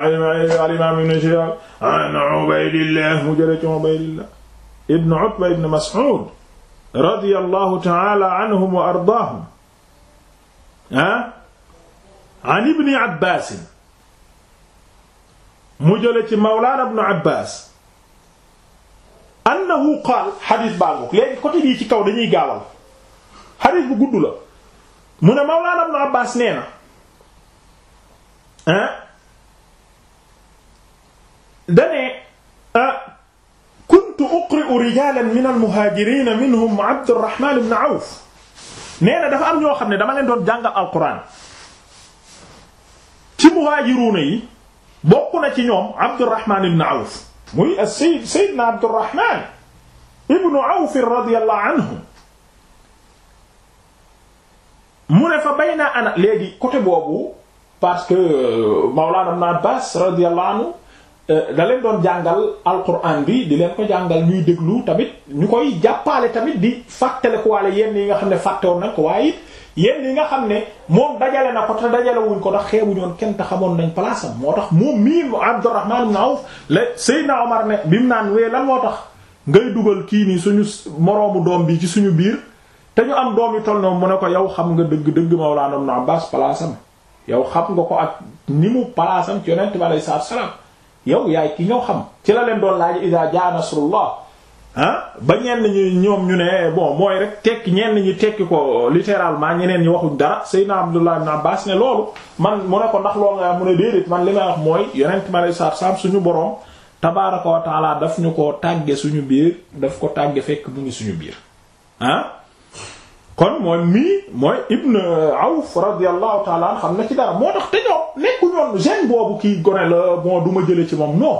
alimaam ibn Shihaab an Ubaydillah mu jële ci Ubaydillah ibn Utba ibn Mas'ud radiyallahu ta'ala anhum wa ardaahum ah an ibni Abbaasin mu jële ci mawlaana ibn Abbaas annahu qaal xadis baa ngoog léegi côté bii ci kaw dañuy gaawal xadis bu gudd la mu ne mawlaana ibn Abbaas nee na dane ah, kuntu uqri'u rijalan min al-muhajirin minhum Abdurrahman ibn Awf nee na dafa am ñoo xam ne dama leen doon jàngal alquran ci muhaajiruuna yi bokk na ci ñoom Abdurrahman ibn Awf muy as-sayyid sayyidna Abdurrahman ibn Awf radiyallahu anhu mu ne fa bayna ana léegi côté boobu parce que euh, Mawlana Ibn Abbas radiyallahu anhu Euh, da leen doon jàngal alquran bi di leen ko jàngal ñuy déglu tamit ñu koy jàppaale tamit di fàttalikuwaale yenn yi nga xam ne fàttewoon nañ ko waaye it yenn yi nga xam ne moom dajale na ko te dajale ko ndax xeebu ñoon kenn te xamoon nañ place moo tax moom mii Abdurrahman ibn Awf la na Omar ne bi mu naan wee lan moo tax ngay dugal kii nii suñu moroomu doom bi ci suñu biir te ñu am doom yi toll na mu ne ko yow xam nga dëgg dëgg Mawlana Ibn Abbas place am yow xam nga ko ak ni mu place am ci yonent bi alayhi yow yaay ki ñoo xam ci la leen doon laaj iza jaa nasrullah ah ba ñenn ñi ñoom ñu ne bon mooy rek tekki ñenn ñi tekki ko littéralement ñeneen ñi waxuñ dara Seydina Abdullah ibn Abbas ne loolu man mu ne ko ndax loolu nga mu ne déedéet man li may wax mooy yonent ma lay saar saam suñu borom tabaaraka wa taala daf ñu ko tàgge suñu biir daf ko tàgge fekk mu ngi suñu biir ah kon mooy mii mooy Ibn Awf radiyallahu taala xam na ci dara moo tax te ñoo nekku ñoon gene boobu kii gone la bon duma ma jële ci moom non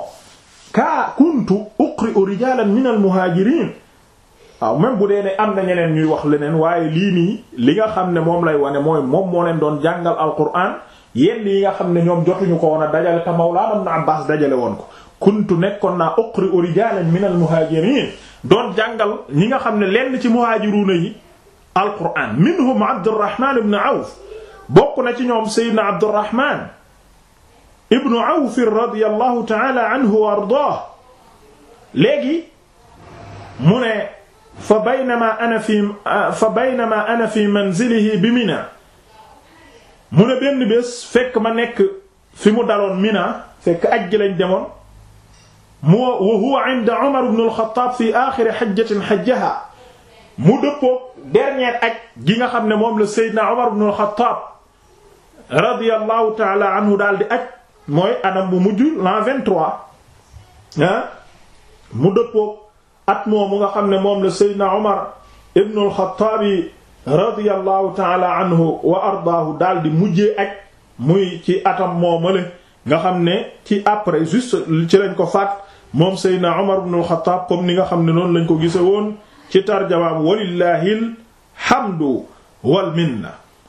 kaa kuntu uqri'u rijalan min al bu dee am na ñeneen ñuy wax leneen waaye lii nii li nga xam ne moom lay wane mooy moom moo leen doon jàngal alquran yenn yi nga xam ne ñoom jotuñu ko woon a dajale te Mawlaana Ibn Abbaas dajale woon ko kuntu nekkoon naa uqri'u rijalan min al muhajirin doon jàngal ñi nga xam ne lenn ci muhajiruna yi alquran minhum abdurrahman ibn awf bokk na ci ñoom seydna abdurrahman ibn awf radiyallahu ta'ala anhu wa ardaah léegi mu ne fa baynama ana fi fa baynama ana fi manzilihi bi mina mu ne benn bés fekk ma nekk fi mu daloon mina fekk ajj lañ demoon mu wa huwa inda Umar ibn al-Khattab fi aaxiri hajjatin hajjaha mu dëppoo dernier ak gi nga xam ne moom la Seydina Umar ibn al-Khattab radiyallahu anhu daal di aj mooy anam bu mujj l'an 23 ah mu dëppoog at moomu nga xam ne moom la Seydina Umar ibn al-Khattab radiyallahu taala anhu wa ardaahu daal di mujjee aj muy ci atam moomale nga xam ne ci après juste ci lañ ko faat moom Seydina Umar ibn al-Khattab comme ni nga xam ne noonu lañ ko gise woon ci tarjabaam walillaahil hamdu wal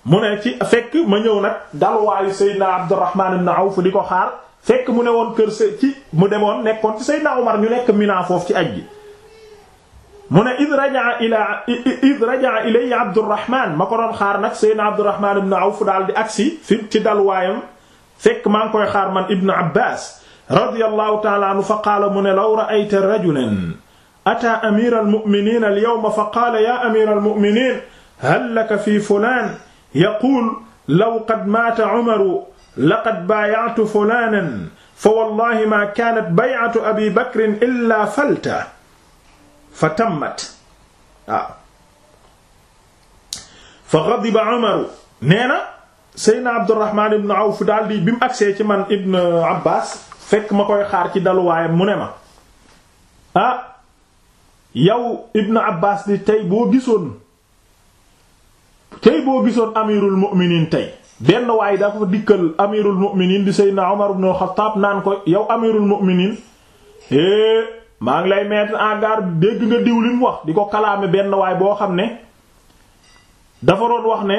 mu ne ci fekk ma ñëw nag dalwaayu Seydina Abdurrahman ibn Awf di ko xaar fekk mu ne woon kër se ci mu demoon nekkoon ci Seydina Umar ñu nekk Mina foofu ci aj gi mu ne id rajaa ila id ma ko doon xaar nag Seydina Abdurrahman ibn Awf daal di agsi fi ci dalwaayam fekk maa ngi koy xaar man Ibn Abbas radiyallahu ta'ala anhu fa qaala mu ne law ra'ayta rajulan ataa amiral mu'miniin al yawma fa qaala yaa amiral mu'miniin hal laka fi fulaan yaquul law qad maata umaru laqad baaya'tu fulaanan fa wallaahi maa kaanat bay'atu abii bakrin illaa falta fa tammat waaw ah. fa ghadiba umaru nee na Seydina Abdurrahmaan ibn Awf daal di bi mu agsee ci man Ibn Abbaas fekk ma koy xaar ci daluwaayam mu ne ma ah yow Ibn Abbas di tey boo gisoon tey boo gisoon amirul mu'minin tey benn waaye dafa dikkal amirul mu'minin di Seydina Omar ibn Khattab naan ko yow amirul mu'minin eh maa ngi lay mettre en garde dégg nga diw li wax di ko kalaame benn waay boo xam ne dafa doon wax ne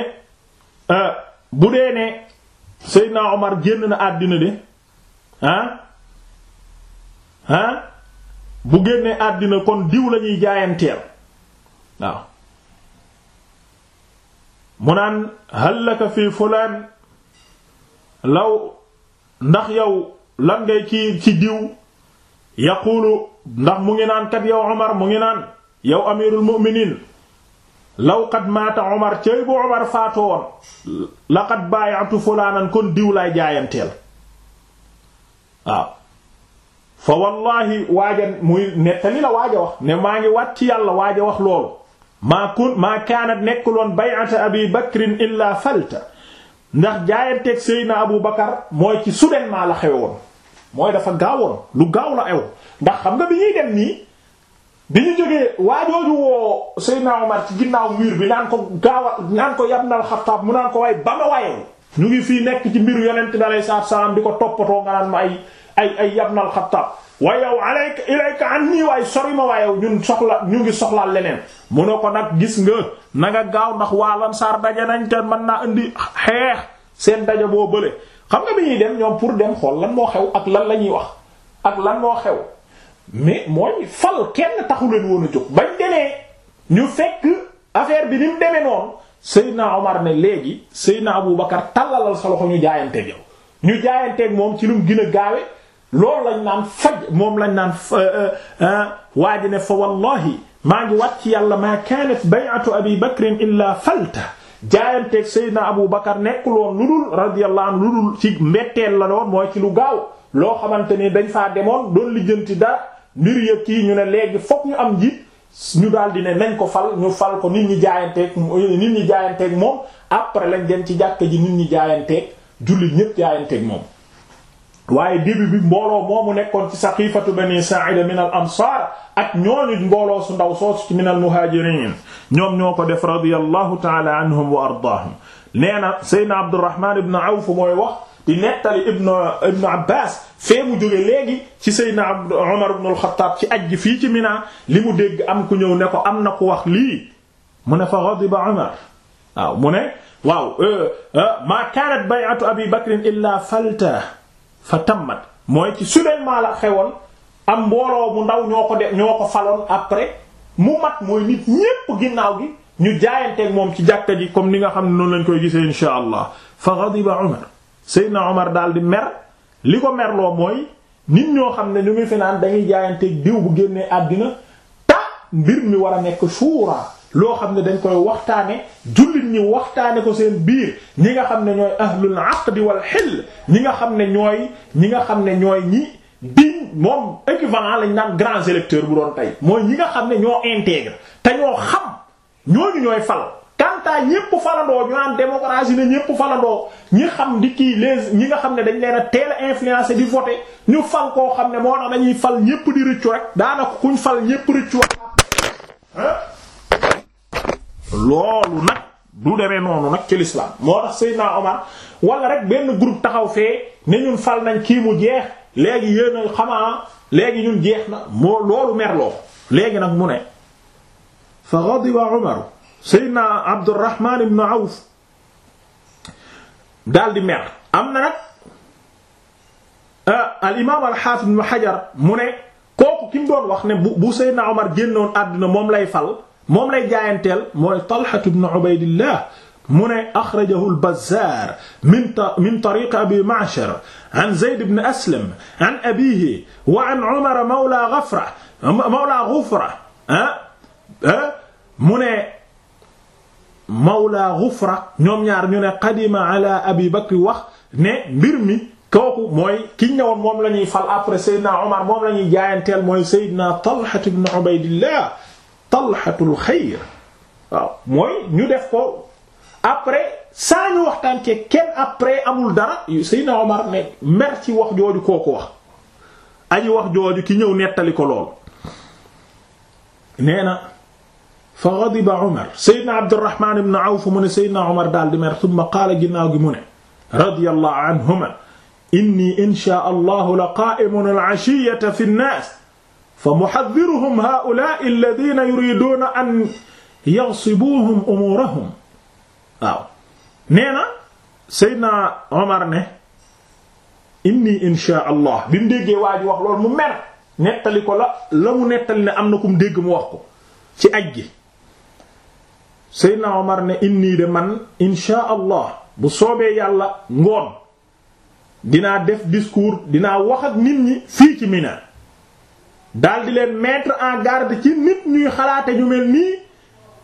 eh, bu dee ne Seydina Omar génn na àddina de ah ah. bu génnee àddina kon diw lañuy jaayanteel waaw mu naan hallaka fulaan law ndax yow lan ngay ci ci diw yaqulu ndax mu ngi naan kat yow Omar mu ngi naan yow amirul mu'minin law qad maata Omar cëy bu Omar faatoo woon laqad baayatu fulaanan kon diw laay jaayanteel waaw fa wallahi waaja muy nettali la waaja wax ne maa ngi wàcc ci yàlla waaja wax loolu maa kun maa kaanat nekkuloon bay'ata abi bakrin illa falta ndax jaayanteeg seydna abu bakar mooy ci soudainement la xewe woon mooy dafa gaawoon lu gaaw la ew ndax xam nga bi ñuy dem nii bi ñu jógee waajooju woo seydna omar ci ginnaaw wiir bi naan ko gaawa naan ko yab nal mu naan ko waaye ba ma wayewu ñu ngi fii nekk ci mbiru yonent bi alayhi salaatu salaam di ko toppatoo nga naan ma ay ay ay yabnal xattaab wa yow alayka ilayka anni waay sori ma waayow ñun soxla ñu ngi soxlaal leneen mu ne ko nag gis nga na gaaw ndax waa Ansaar daje nañ te mën naa indi xeex seen daje boo bële xam nga bi ñuy dem ñoom pour dem xool lan moo xew ak lan la ñuy wax ak lan moo xew mais mooy fal kenn taxu leen woon a jóg bañ demee ñu fekk affaire bi ni mu demee noonu Seydina Omar ne léegi Seydina Abou Bakar tallalal sa loxo ñu jaayanteeg yow ñu jaayanteeg loolu lañ naan faj moom lañ naan euh, euh, waa ji ne fa wallahi maa ngi wàcc yàlla maa kaanat bay'atu abi bakrin illa falta jaayanteeg sayyidina abu bakar nekkul woon lu dul radiyallahu anhu lu dul ci mbetteel la doon mooy ci lu gaaw loo xamante ni dañ faa demoon doon lijjanti da mbir yëg kii ñu ne léegi fokk ñu am ji ñu daal di ne nañ ko fal ñu fal ko nit ñi jaayanteeg nit ñi jaayanteeg moom après lañ dem ci jàkka ji nit ñi jaayanteeg jullit ñépp jaayanteeg moom waaye début bi mbooloo moomu nekkoon ci saqifatu bani sa'ida min al ansaar ak ñooñu mbooloo su ndaw soosu ci min al muhaajiriin ñoo ko def radiyallahu taala anhum wa ardaahum nee na seydna abdurrahman ibn awf mooy wax di nettali ibnu ibnu abbas fee mu léegi ci seydna umar ibn al xattaab ci ajj fii ci mina li mu dégg am ku ñëw ne ko am na ku wax lii mu ne fa ghadiba umar waaw mu ne waaw euh, euh, maa kaanat bay'atu abi bakrin illa falta fa tam tammat mooy ci Souleymane la xewoon am mbooloo mu ndaw ñoo ko de ñoo ko faloon après mu mat mooy nit ñépp ginnaaw gi ñu jaayanteeg moom ci jàkka ji comme ni nga xam ne noonu lañ koy gisee insha allah fa ghadiba Umar Seydina Umar daal di mer li ko merloo mooy nit ñoo xam ne ñu ngi fi naan dañuy jaayanteeg diw bu génnee àddina ta mbir mi war a nekk suuraa loo xam ne dañ koy waxtaane jullit ñi waxtaane ko seen biir ñi nga xam ne ñooy ahlul di wal hill ñi nga xam ne ñooy ñi nga xam ne ñooy ñi biñ moom équivalent lañ naan grands électeurs bu doon tey mooy ñi nga xam ne ñoo intègre te ñoo xam ñooñu ñooy fal kantaa ñépp falandoo ñu naan démocratie ne ñépp falandoo ñi xam di kii les ñi nga xam ne dañ leen a teel a influencé di voter ñu fal koo xam ne moo tax dañuy fal ñépp di rëccu rek daanaka kuñ fal ñépp rëccu rek loolu nag du demee noonu nag ci lislaam moo tax Seydina Omar wala rek benn groupe taxaw fee ne ñun fal nañ kii mu jeex léegi yéen a xamaa léegi ñun jeex na moo loolu merloo léegi nag mu ne fa ghadiba Umar Seydina Abdurrahman ibn Awf daal di mer am na nag ah, al imaam al haafid ibn mu ne kooku ki mu doon wax ne bu bu Seydina Omar génnoon àdduna moom lay fal moom lay jaayanteel mooy Talha ibn Ubaydillah mu ne axrajahu al-Bazzaar min min tariiqi Abi Ma'shar an Zayd ibn Aslam an abiihi wa an Umar mawlaa Ghafra mawlaa Ghufra ah, ah, mu ne mawlaa Ghufra ñoom ñaar ñu ne qadima ala Abi Bakr wax ne mbir mi kooku mooy ki ñëwoon moom la ñuy fal après Seydina Umar moom la ñuy jaayanteel mooy Seydina Talha ibn Ubaydillah talxatul xayr waaw mooy ñu def ko après saa ñu waxtaan ci kenn après amul dara Seydina Omar ne mer ci wax jooju kooku wax aji wax jooju ki ñëw nettali ko lool nee na fa ghadiba Omar Seydina Abdurrahman ibn Awf mu ne Seydina Omar daal di mer thumma qaala ginnaaw gi mu ne radiyallahu anhuma inni insha allahu la qa'imun al-ashiyata fi an-nas fa muhaddiruhum haa'ulaa'i alladhiina yuriiduuna an yaghsibuuhum umuurahum nee na Seydina Omar ne inni inshaa Allah bi mu déggee waa wax loolu mu mer nettali ko la la mu nettali ne am na ku mu dégg mu wax ko ci aj gi Seydina Omar ne inni de man inshaa Allah bu soobee yàlla ngoon dinaa def discours dina wax ak nit ñi fii ci Mina daal di leen mettre en garde ci nit ñuy xalaate ñu mel nii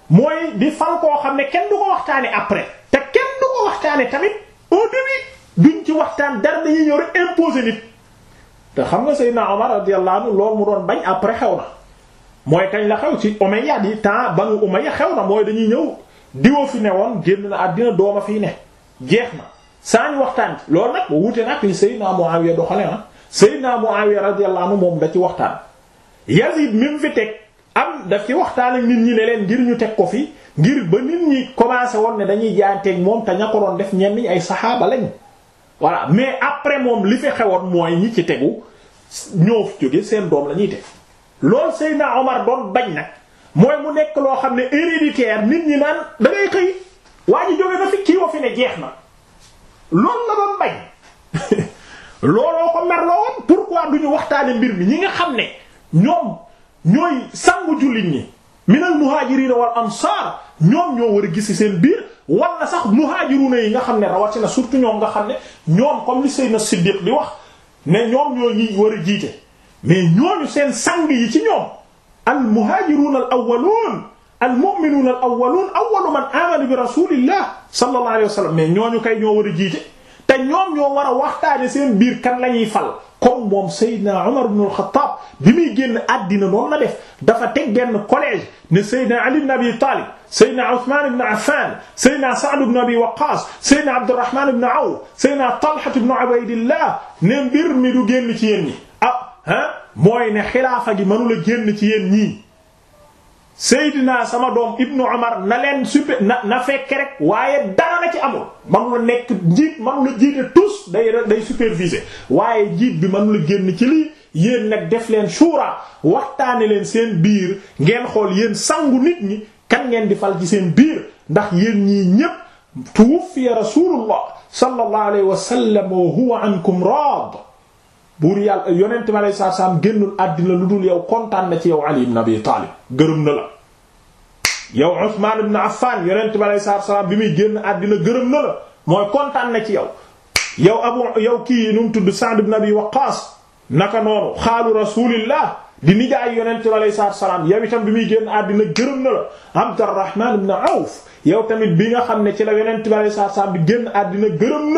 mooy di fal koo xam ne kenn du ko waxtaane après te kenn du ko waxtaane tamit au début duñ ci waxtaan dara dañuy ñëw rek imposer nit te xam nga naa Omar radiyallahu anhu loolu mu doon bañ après xew na mooy kañ la xew ci Umayya yi temps Banu Umayya xew na mooy dañuy ñëw diwoo fi ne woon génn na àddina dooma fii ne jeex na saañ waxtaan loolu nag ba wute nag li Seydina Muawiya doxale ah Seydina Muawiya radiyallahu anhu moom da ci waxtaan Yazid même fi teg am daf ci waxtaan ak nit ñi ne leen ngir ñu teg ko fi ngir ba nit ñi commencé woon ne dañuy jaayanteeg moom te ña ko doon def ñenn ñi ay saxaaba lañ voilà mais après moom li fi xewoon mooy ñi ci tegu ñoo fi jóge seen doom la ñuy teg loolu Seydina Omar doon bañ nag mooy mu nekk loo xam ne héréditaire nit ñi naan da ngay xëy waa ji jóge na fi kii fi ne jeex na loolu la doon bañ looloo ko merloo woon pourquoi duñu waxtaane mbir mi ñi nga xam ne. ñoom ñooy sangu jullit ñi minal muhaajiriina wal ansaar ñoom ñoo war a gis seen biir wala sax muhaajiruuna yi nga xam ne rawatina surtout ñoom nga xam ne ñoom comme li Seydina Siddiq di wax ne ñoom ñoo ñi war a jiite mais ñooñu seen sang yi ci ñoom al muhaajiruuna al awwaluun al mu'minuuna al awwaluun awwalu man aamana bi rasuulillah sallallahu alayhi wa sallam mais ñu kay ñoo war a jiite. te ñoom ñoo war a waxtaane seen biir kan la ñuy fal comme moom Seydina Umar ibn al-Khattab bi muy génn àddina noonu la def dafa teg benn collège ne Seydina Ali ibn Abi Talib Seydina Ousmane ibn Affan Seydina Sa'd ibn Abi Waqqas Seydina Abdurrahman ibn Awf Seydina Talha ibn Ubaydillah ne mbir mi du génn ci yéen ñi ah ah mooy ne xilaafa gi mënula génn ci yéen ñii Seydina sama doom Ibnu Umar na leen super na na fekk rek waaye dara ci amul man la nekk njiit man la jiite tous day day superviser waaye jiit bi man la génn ci lii yéen nag def leen suuraa waxtaane leen seen biir ngeen xool yéen sangu nit ñi kan ngeen di fal ci seen biir ndax yéen ñi ñépp tuwuffiya Rasulullah sallallahu alayhi wa sallam wa huwa ankum raad buur yàlla yonent bi aleyhi salaatu salaam génnul àddina lu dul yow kontaan na ci yow Ali ibn Abi Taalib gërëm na la yow Usmaan ibn Affaan yonent bi aleyhi salaam bi muy génn àddina gërëm na la mooy kontaan na ci yow yow abu yow kii nu mu tudd Sa'd ibn Abi Waqqaas naka noonu xaalu Rasuulillah di nijaay yonent bi aleyhi salaatu salaam yow itam bi muy génn àddina gërëm na la Abdurrahmaan ibn Awf yow tamit bi nga xam ne ci la yonent bi aleyhi salaatu bi génn àddina gërëm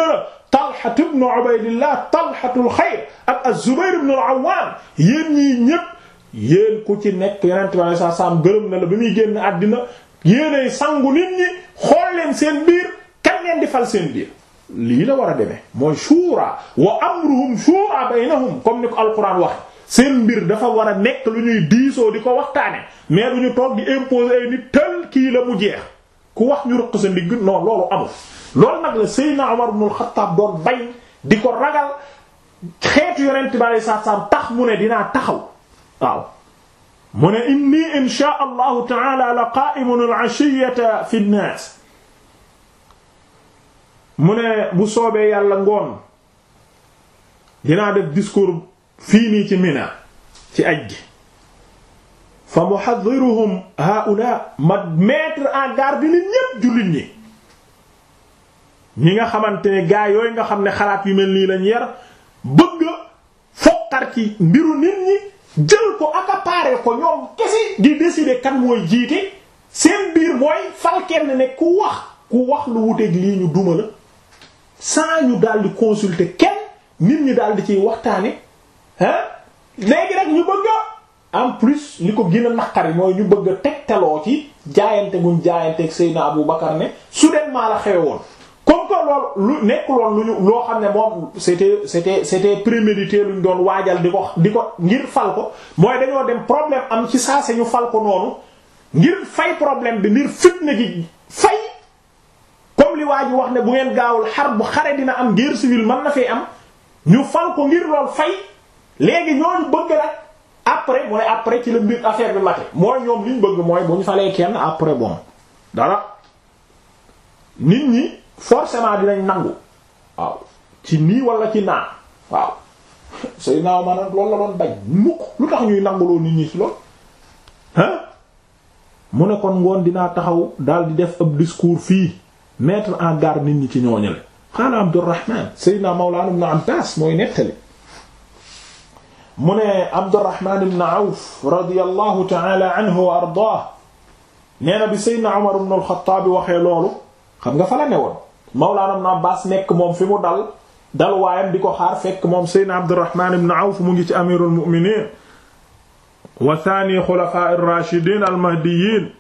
Talha ibn Ubaydillah Talhatul Xayr ak az-Zubayr ibn al-Awwam yéen ñii ku ci nekk Yonent bi sallallahu alayhi wasallam gërëm na la bi muy génn àddina yéenay sangu nit ñi xool leen seen biir kan di fal seen biir. lii la war a demee mooy shura wa amruhum shura baynahum comme ni ko alquran wax seen mbir dafa war a nekk lu ñuy diisoo di ko waxtaane mais du ñu toog di imposer ay nit tël kii la mu jeex ku wax ñu rëq sa ndigg non loolu amul. loolu nag la Seydina Umar ibn al-Khattab doon di ko ragal xeetu yonent bi alayhi salaatu tax mu ne dinaa taxaw waaw mu ne inni insha allahu taala la qa'imun al-ashiyata fi an mu ne bu soobee yàlla ngoon dinaa def discours fii nii ci Mina ci aj gi fa muhadhiruhum haula ma mettre en garde nit ñépp jullit ñi nga xamante ne gaa yooyu nga xam ne xalaat yu mel nii lañ yar bëgg foqar ci mbiru nit ñi jël ko accaparer ko ñoom kese di décider kan mooy jiite seen biir mooy fal kenn ne ku wax ku wax lu wuteeg lii ñu duma la sans ñu daal di consulter kenn nit ñi daal di ciy waxtaane ah léegi rek ñu bëgg en plus li ko gën a naqari mooy ñu bëgg a tegtaloo ci jaayante guñ jaayanteeg Seydina Abou Bakar ne soudainement la xewoon comme que loolu lu nekkuloon lu ñu loo xam ne moom c'était c'était c'était prémédité luñ doon waajal di ko di ko ngir fal ko mooy dañoo dem problème am ci saa si fal ko noonu ngir fay problème bi ngir fitna gi fay comme li waa wax ne bu ngeen gaawul xar bu xare dina am guerre civile man na fee am ñu fal ko ngir lool fay léegi ñooñu bëgg nag après mooy après ci la mbir affaire bi mate mooy ñoom liñ bëgg mooy bu ñu falee kenn après bon dara nit ñi. forcément dinañ nangu waaw ci nii wala ci naa waaw sëy naaw maanaam loolu la doon bañ mukk lu tax ñuy nanguloo nit ñi ci lool hein mu ne kon ngoon dinaa taxaw daal di def ab discours fii mettre en garde nit ñi ci ñooñu le xaala Abdurrahman Seydina Mawlana ibn Abbas mooy nettali mu ne Abdurrahman ibn Awf radiyallahu ta'ala anhu wa ardaah nee bi Seydina Umar ibn al waxee loolu xam nga fa la ne woon Mawlaana Ibn Abbaas nekk moom fi mu dal dal waayam di ko xaar fekk moom Seydina Abdurrahmaan ibn Awf mu ngi ci amiirul mu'miniin wa thani xulafaa ar-raashidiin al-mahdiyyiin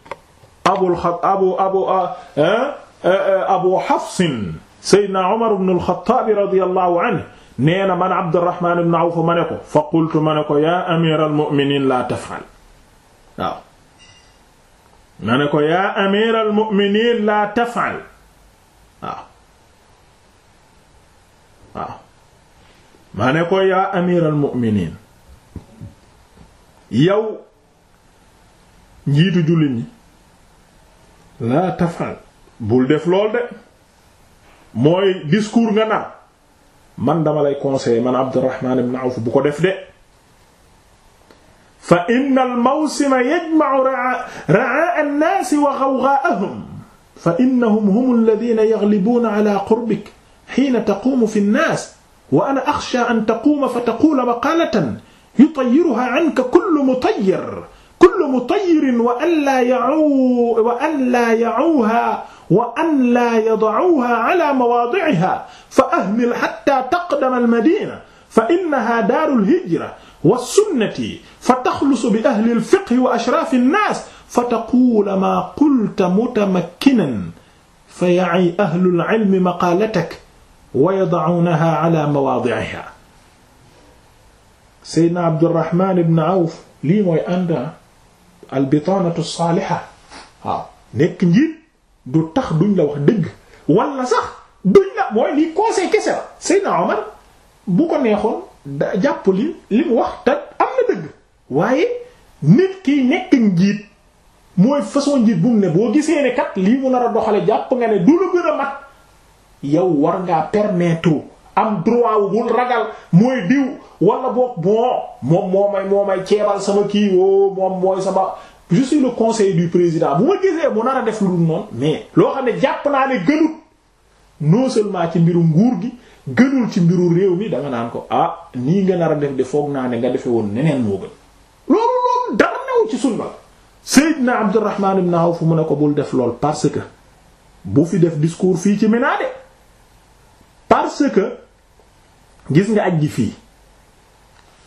abu abu abu ah, ah, ah, abu Hafsin Seydina Umar ibn al-Khattaab radiyallahu anhu nee na man Abdurrahmaan ibn Awf ma ne ko fa qultu ma ne ko yaa amiiral mu'miniin laa taf'al waaw ma ne ko yaa amiiral mu'miniin laa taf'al waaw waaw maa ne ko yaa amiral mu'miniin yow njiitu jullit ñi laa tafal bul def lool de mooy discours nga nar man dama lay conseiller man Abdurrahman ibn bu ko def de fa innal mawsima yajma'u ra'a an-naasi wa ghawgha'ahum fa innahum hum alladina yaglibuuna ala qurbik xiina taquumu fi nnaas wa ana axsha an taquuma fa taquula maqaalatan yutayiruha anka kullu mutayir kullu mutayirin wa an laa ya'u wa an laa ya'uha wa an laa yada'uha ala mawaadi'iha fa ahmil hatta taqdama almadina fa innaha daaru alhijra wa sunnati fa taxlusu bi ahli alfiqhi wa ashraafi nnaas fa taquula maa qulta mutamakkinan fa ya'i ahlul ilmi maqaalatak wa yada'uunahaa alaa mawaadi'ihaa Seydina Abdurrahmaan ibn Awf lii mooy ànd albitaanatu saaliha waaw nekk njiit du tax duñ la wax dëgg wala sax duñ la mooy lii conseil kese la Seydina Omar bu ko neexoon da jàpp li li mu wax te am na dëgg waaye nit kiy nekk njiit mooy façon njiit bu mu ne boo gisee ne kat lii mu nar a doxale jàpp nga ne du la gën a mat yow war ngaa permettre am droit wu bul ragal mooy diw wala boog bon moom moo may moo may ceebal sama kii woo oh, moom mooy sama je suis le du président bu ma gisee mu nar a def lu dul noonu mais loo xam ne jàpp naa ne gënut non seulement ci mbiru nguur gi gënul ci mbiru réew mi da naan ko ah nii nga a def de naa ne nga defe woon neneen moo gën loolu loolu dara newu ci sunna Seydina Abdurrahman ibn Awf mu ne ko bul def lool parce que bu fi def discours fii ci Mina de parce que gis nga aj ji fii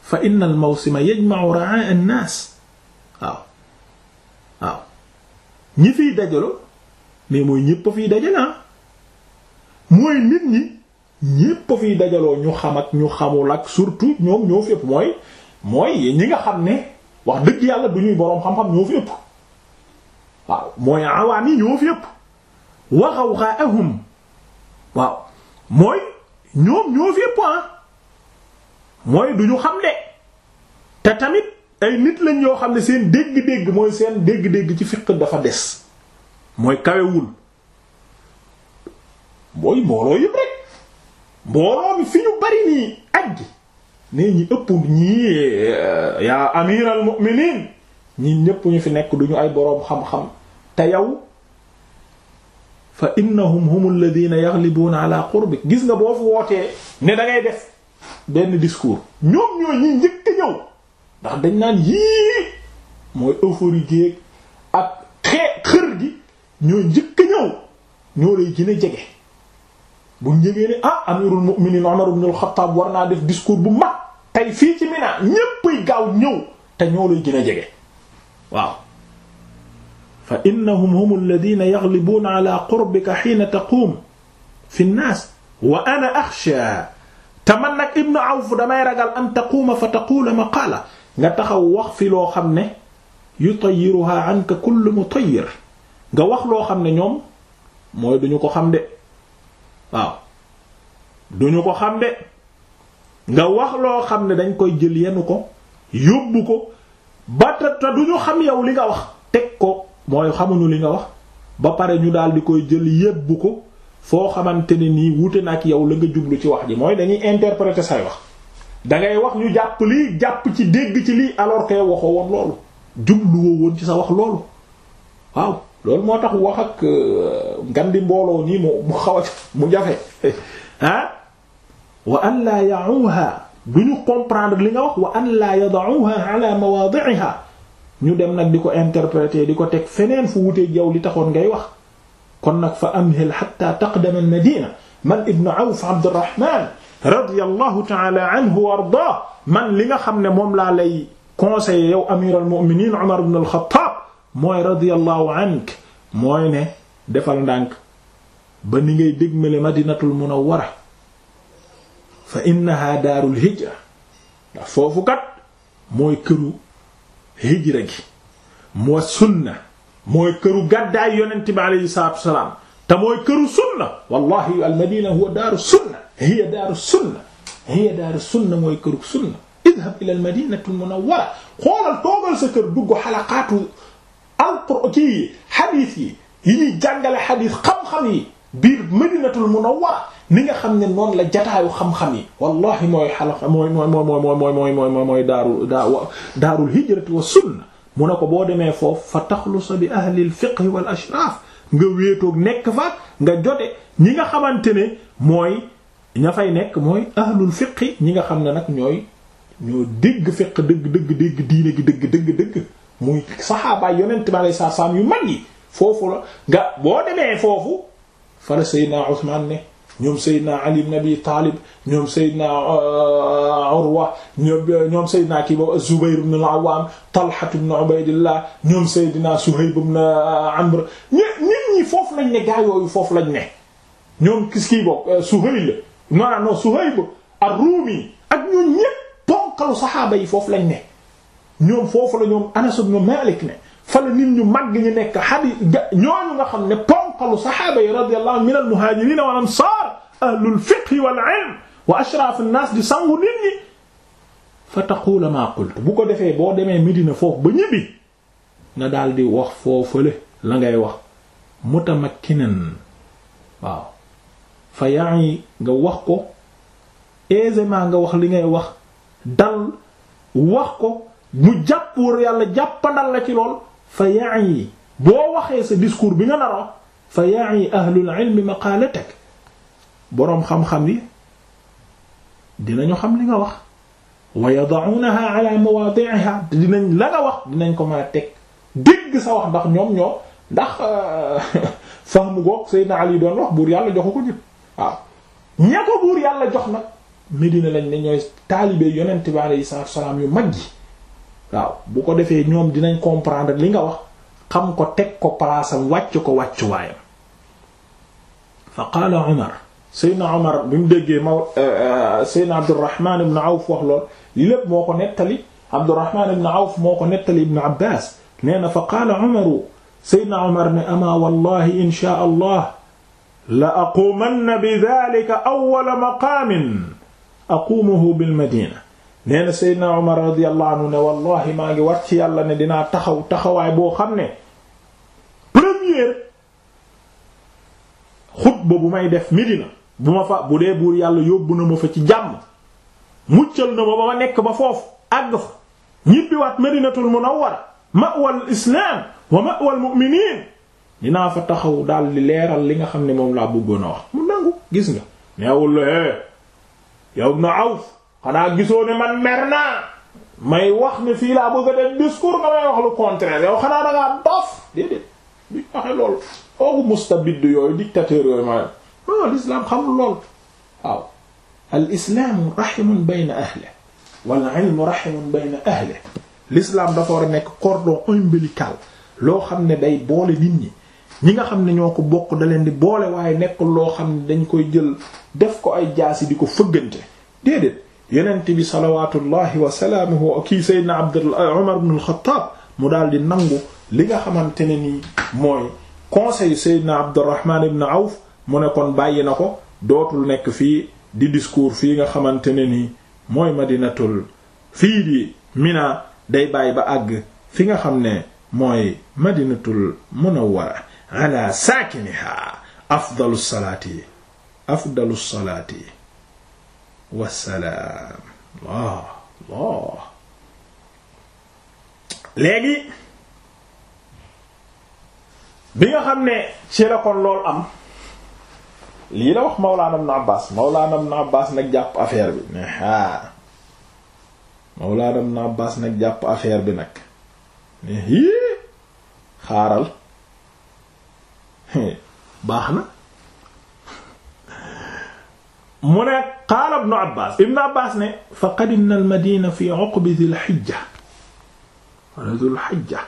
fa inna al mawsima yajma'u ra'a waaw waaw ñi fiy dajalo mais mooy ñépp a fiy dajalaa ah. mooy nit ñi ñépp fiy dajaloo ñu xam ak ñu xamul ak surtout ñoom ñoo fépp mooy mooy ñi nga xam ne wax dëgg yàlla du ñuy boroom xam-xam ñoo fi ëpp waaw mooy awaam yi ñoo ñoom ñoo fi ëpp ah mooy du ñu xam de te tamit ay nit lañ yoo xam ne seen dégg-dégg mooy seen dégg-dégg ci fiq dafa des mooy kawewul mooy mbooloo yëpp rek mbooloo mi fi ñu bari nii aj nee ñi ëpp ñii eh, yaa amiral mu'minin ñi ñëpp ñu fi nekk duñu ay boroom xam-xam te yow fa innahum humul ladina yaghlibuuna ala qurbik gis nga boo fi wootee ne da ngay def benn discours ñoom ñoo ñi njëkk ñëw ndax dañ naan yii mooy euphorie géeg ak xee xër gi ñoo njëkk ñëw ñoo lay gën a jege bu njëgee ne ah amirul mu'minin Umar ibn al war naa def discours bu mag tey fii ci Mina ñéppay gaaw ñëw te ñoo lay gën a jege waaw fa innahum hum alladina yaghlibuuna ala qurbika hiina taquum fi nnaas wa ana axsha te nag ibnu awf damay ragal an taquuma fa taquula maqaala nga taxaw wax fi loo xam ne yutayiruha anka kullu mutayir wax loo xam ne ñoom mooy duñu ko xam de waaw duñu ko xam de nga wax loo xam ne dañ koy jël yenn ko yóbbu ko ba te te duñu xam yow li nga wax teg ko mooy xamuñu li nga wax ba pare ñu daal di koy jël yóbbu ko foo xamante ne nii wuute na ak yow la nga jublu ci wax ji mooy dañuy interpréter say wax dangay wax ñu jàpp lii jàpp ci dégg ci lii alors que waxoo woon loolu jubluwoo woon ci sa wax loolu waaw loolu moo tax wax ak euh, ngan di mbooloo nii mu mu xaw a mu jafe ah wa an laa du ñu comprendre li nga wax wa an laa yadauha ala mawaadiha ñu dem nag di ko interpréter di ko teg feneen fu wute yow li taxoon ngay wax kon nag fa amhil hatta taqdama al madina man ibnu awf abdirahman radiyallahu ta'ala anhu wa ardah man li nga xam ne moom laa lay conseiller yow amir al mu'minin umar ibn al khattab mooy radiyallahu ank mooy ne defal ndànk ba ni ngay dégmale madinatul munawwara fa innaha daarul hijra ndax foofu kat mooy këru hijra gi mooy sunna mooy këru gàddaay yonent bi aleyhi salaatu wasalaam te mooy këru sunna wallahi al madina huwa daaru sunna mooy këru sunna idhab ila al madinatu al toogal sa kër dugg xalaqaatu alqur kii xadiis yi yi jàngale xadiis xam-xam yi biir madinatul munawwara ni nga xam ne noonu la jataayu xam-xam yi wallahi mooy xalaqa mooy mooy mooy mooy mooy mooy mooy mooy mooy daaru daarul hijrati wa sunna mu ne ko boo demee foofu fa taxlusa bi ahli al fiqh wal ashraaf nga wéetoog nekk fa nga jote ñi nga xamante ne mooy ña fay nekk mooy ahlul fiqh ñi nga xam ne nag ñooy ñoo dégg fiqh dëgg dëgg dégg diine gi dëgg dëgg dëgg muy saxaabaay yonent bi alayhi salaam yu mag yi foofu la nga boo demee foofu fala Seydina Usmaan ne ñoom Seydina Ali ibn Abi Taalib ñoom Seydina uh, Urwa ñoom ñoom Seydina kii boobu Zubayr ibn al-Awwaam Talha ibn Ubaydillah ñoom Seydina Suhayb ibn uh, Amr ñi nit ñi foofu lañ ne gaa yooyu foofu lañ ne ñoom kis kii boobu uh, Suhayl non non Suhayb ar-Rumi ak ñoom ñépp ponkalu saxaaba yi foofu lañ ne ñoom foofu la ñoom Anas ibn Malik ne fa la nit ñu màgg ñu nekk xadi ñooñu nga xam ne ponkalu saxaaba yi radiyallahu anhum min al-muhajirin wal ansar ahlul fiqh wal ilm wa ashraf an bu ko defee boo demee Medina foofu ba ñibbi nga dal di wax foofale la ngay wax mutamakkinan waaw fa yaa nga wax ko aisément nga wax li ngay wax dal wax ko mu jàpp wër yàlla jàppandal la ci lool fa ya'i boo waxee sa discours bi nga naroo fa ya'i ahlul ilmi maqalatak boroom xam-xam yi dinañu xam li nga wax wa yada'unaha ala mawadi'iha te dinañ la nga wax dinañ ko mën a teg dégg sa wax ndax ñoom ñoo ndax euh, fahmu goog Seydina Ali doon wax buur yàlla jox ko jëp waaw ña ko buur yàlla jox nag Medina lañ ne ñooy taalibe yonent bi alayhi salaatu wa salaam yu mag ji waaw bu ko defee ñoom dinañ comprendre li nga wax xam ko teg ko palaasam wàcc ko wàcc waayam fa qaala Umar Seydina Umar bi mu déggee maw eh, eh, Seydina Abdurrahman ibn Awf wax lool li lépp moo ko nettali Abdurrahman ibn Awf moo ko nettali Ibn Abbas nee na fa qaala Umaru Seydina Umar ne ama wallahi inshaa Allah la aqumanna bi dhalika awwala maqaamin aqumuhu bil Madina nee na Seydina Omar radiyallahu ne wallahi maa ngi war ci yàlla ne dinaa taxaw taxawaay boo xam ne première xutba bu may def Medina bu ma fa bu dee buur yàlla yóbbu na ma fa ci jàmm muccal na ma ba ma nekk ba foofu àgg fa ñibbiwaat Madinatul Munawwara ma'wal islaam wa ma'wal mu'miniin dinaa fa taxaw daal di leeral li nga xam ne moom laa bëggoon wax mu nangu gis nga neewul la eh, yow na Awf xanaa gisoo ne man mer naa may wax ne fii laa bëgg a def nga may wax lu contraire yow xanaa da ngaa dof déedéet duñ waxe loolu kooku mustabid yooyu dictateur yooyu ma non l'islam xamul lool waaw al islamu rahimun ahli wal dafa war a nekk cordon ombilical loo xam ne day boole nit ñi ñi nga xam ne ñoo ko bokk da leen di boole waaye nekkul loo xam ne dañ koy jël def ko ay jaasi di ko fëggante déedéet yonent bi salawaatullahi wa salaamuhu kii Seydina Abdul euh, Umar ibn al-Khattab mu daal di nangu li nga xamante ne nii mooy conseil Seydina Abdurrahman ibn Awf mu ne kon bàyyi na ko dootul nekk fii di discours fii nga xamante ne nii mooy madinatul fii di Mina day bàyyi ba àgg fi nga xam ne mooy madinatul munawwara ala saakiniha afdalu salaati wassalaam waaw léegi bi nga xam ne ci la kon lool am lii la wax Mawlaana Ibn Abbaas Mawlaana Ibn Abbaas nag jàpp affaire bi ne haa Mawlaana nag jàpp affaire bi nag ne hii xaaral baax na mu ne qaala ibnu Abbaas ibnu fa qadimna al-Madiina fi uqbi dhil hijja wala dhil hijja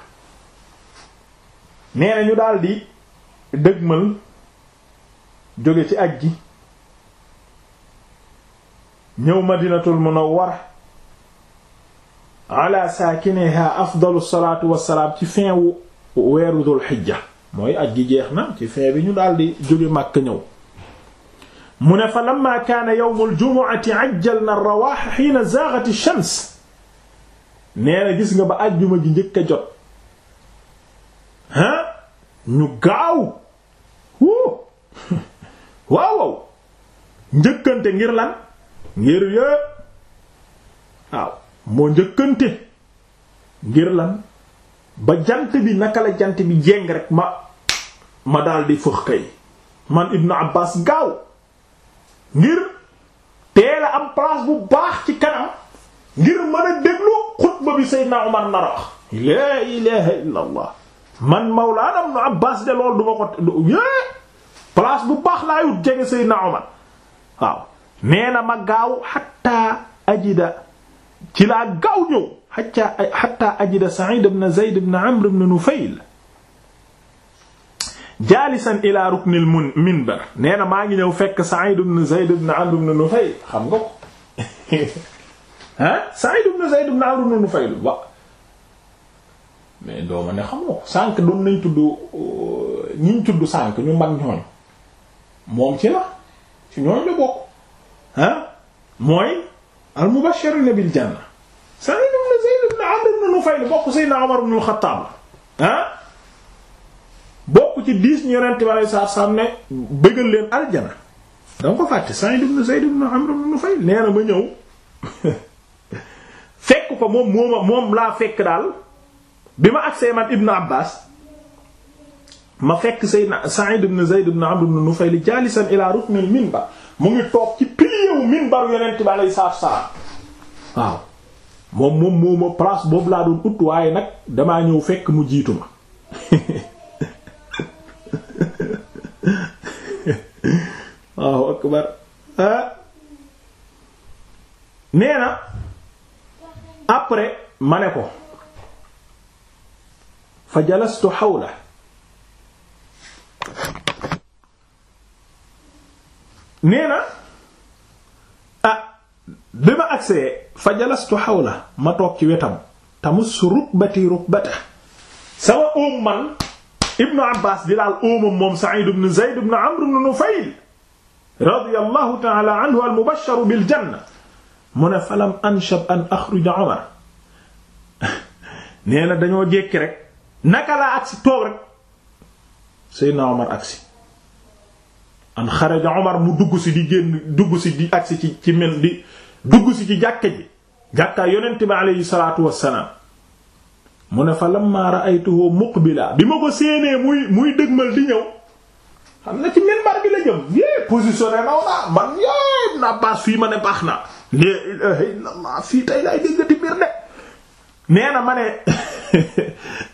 nee na ñu daldi dëgmal jóge ci aj ji ñëw Madinatul Munawwara ala saakinihaa afdalu salaatu wassalaam ci fin wu weeru dhul hijja mooy aj gi jeex na ci fin bi ñu daldi jóge Makka ñëw mu ne fa lamma kaana yawmul jumu'ati ajjalna ar-rawaaha hiina zaaghat ash-shams nee gis nga ba àjjuma ji njëkk a jot ah ñu gaaw wuu waaw waaw njëkkante ngir lan ngir yëpp waaw moo njëkkante ngir lan ba jant bi naka la jant bi jéng rek ma ma daal di fëx kay man Ibn Abbas gaaw. ngir teel a am place bu baax ci kanam ngir mën a déglu xutba bi Seydina Omar nar a wax laa ilaha illa allah man Mawlaana Ibn Abbaas de loolu du ma ko yée place bu baax laa yut jege Seydina Omar waaw nee na ma gaaw xatta ajida ci laa gaaw ñëw xatta xatta ajida Sa'id ibn Zayd ibn Amr ibn Nufayl jaalisan ila ruknil mun minbar nee na maa ngi ñëw fekk Sa'id ibn Zayd ibn Amr ibn Nufayl xam nga ko ah Sa'id ibn xam nga ko sànq doon nañ tudd euh, ñiñ tudd sànq ñu mag ñooñ moom ci la ci ñooñ la bokk ah mooy al mubashirina bil janna Sa'id ibn Zayd ibn Amr ibn Nufayl bokk Sayyidina Umar ibn al-Khattab ah bokk ci dix ñu yonent bi alayhi salaam ne bëggal leen aljana danga ko fàtte Sa'id ibn Zayd ibn Amr ibn Nufayl nee na ma ñëw fekk ko moom mooma moom laa fekk daal bi ma agsee man Ibn Abbas ma fekk Seydina Sa'id ibn Zayd ibn Amr ibn Nufayl jaalisan ila rukn al minbar mu ngi toog ci pilier wu minbar yonent bi alayhi salaam waaw moom moom mooma place boobu laa doon ut waaye nag damaa ñëw fekk mu jiitu ma akbar ah na après ma ne ko fa jalastu xawla nee na ah bi ma agsee fa jalastu xawla ma toog ci wetam tamus rukbati rukbata sama óom man ibnu abbas di laal óomam moom sa'id ibn zayd ibn amr ibn nufayl radiyallahu ta'ala anhu al-mubashshar bil janna mu ne falam anshab an akhruja Umar nee na dañoo jékki rekk naka laa agsi toog rek Seydina Umar agsi an xaraja Umar mu dugg si di génn dugg si di agsi ci mel di dugg si ci jàkka ji jàkkaa yonent bi aleyhi salaatu wassalaam mu ne fa lamma ra'aytuhu muqbila bi ma ko séenee muy muy dëgmal di ñëw xam na ci minbar bi la jëm yee positionné naw naa man yee naa baas fii ma ne baax na léegi ma fii tey lay déggati mbir de nee na ma ne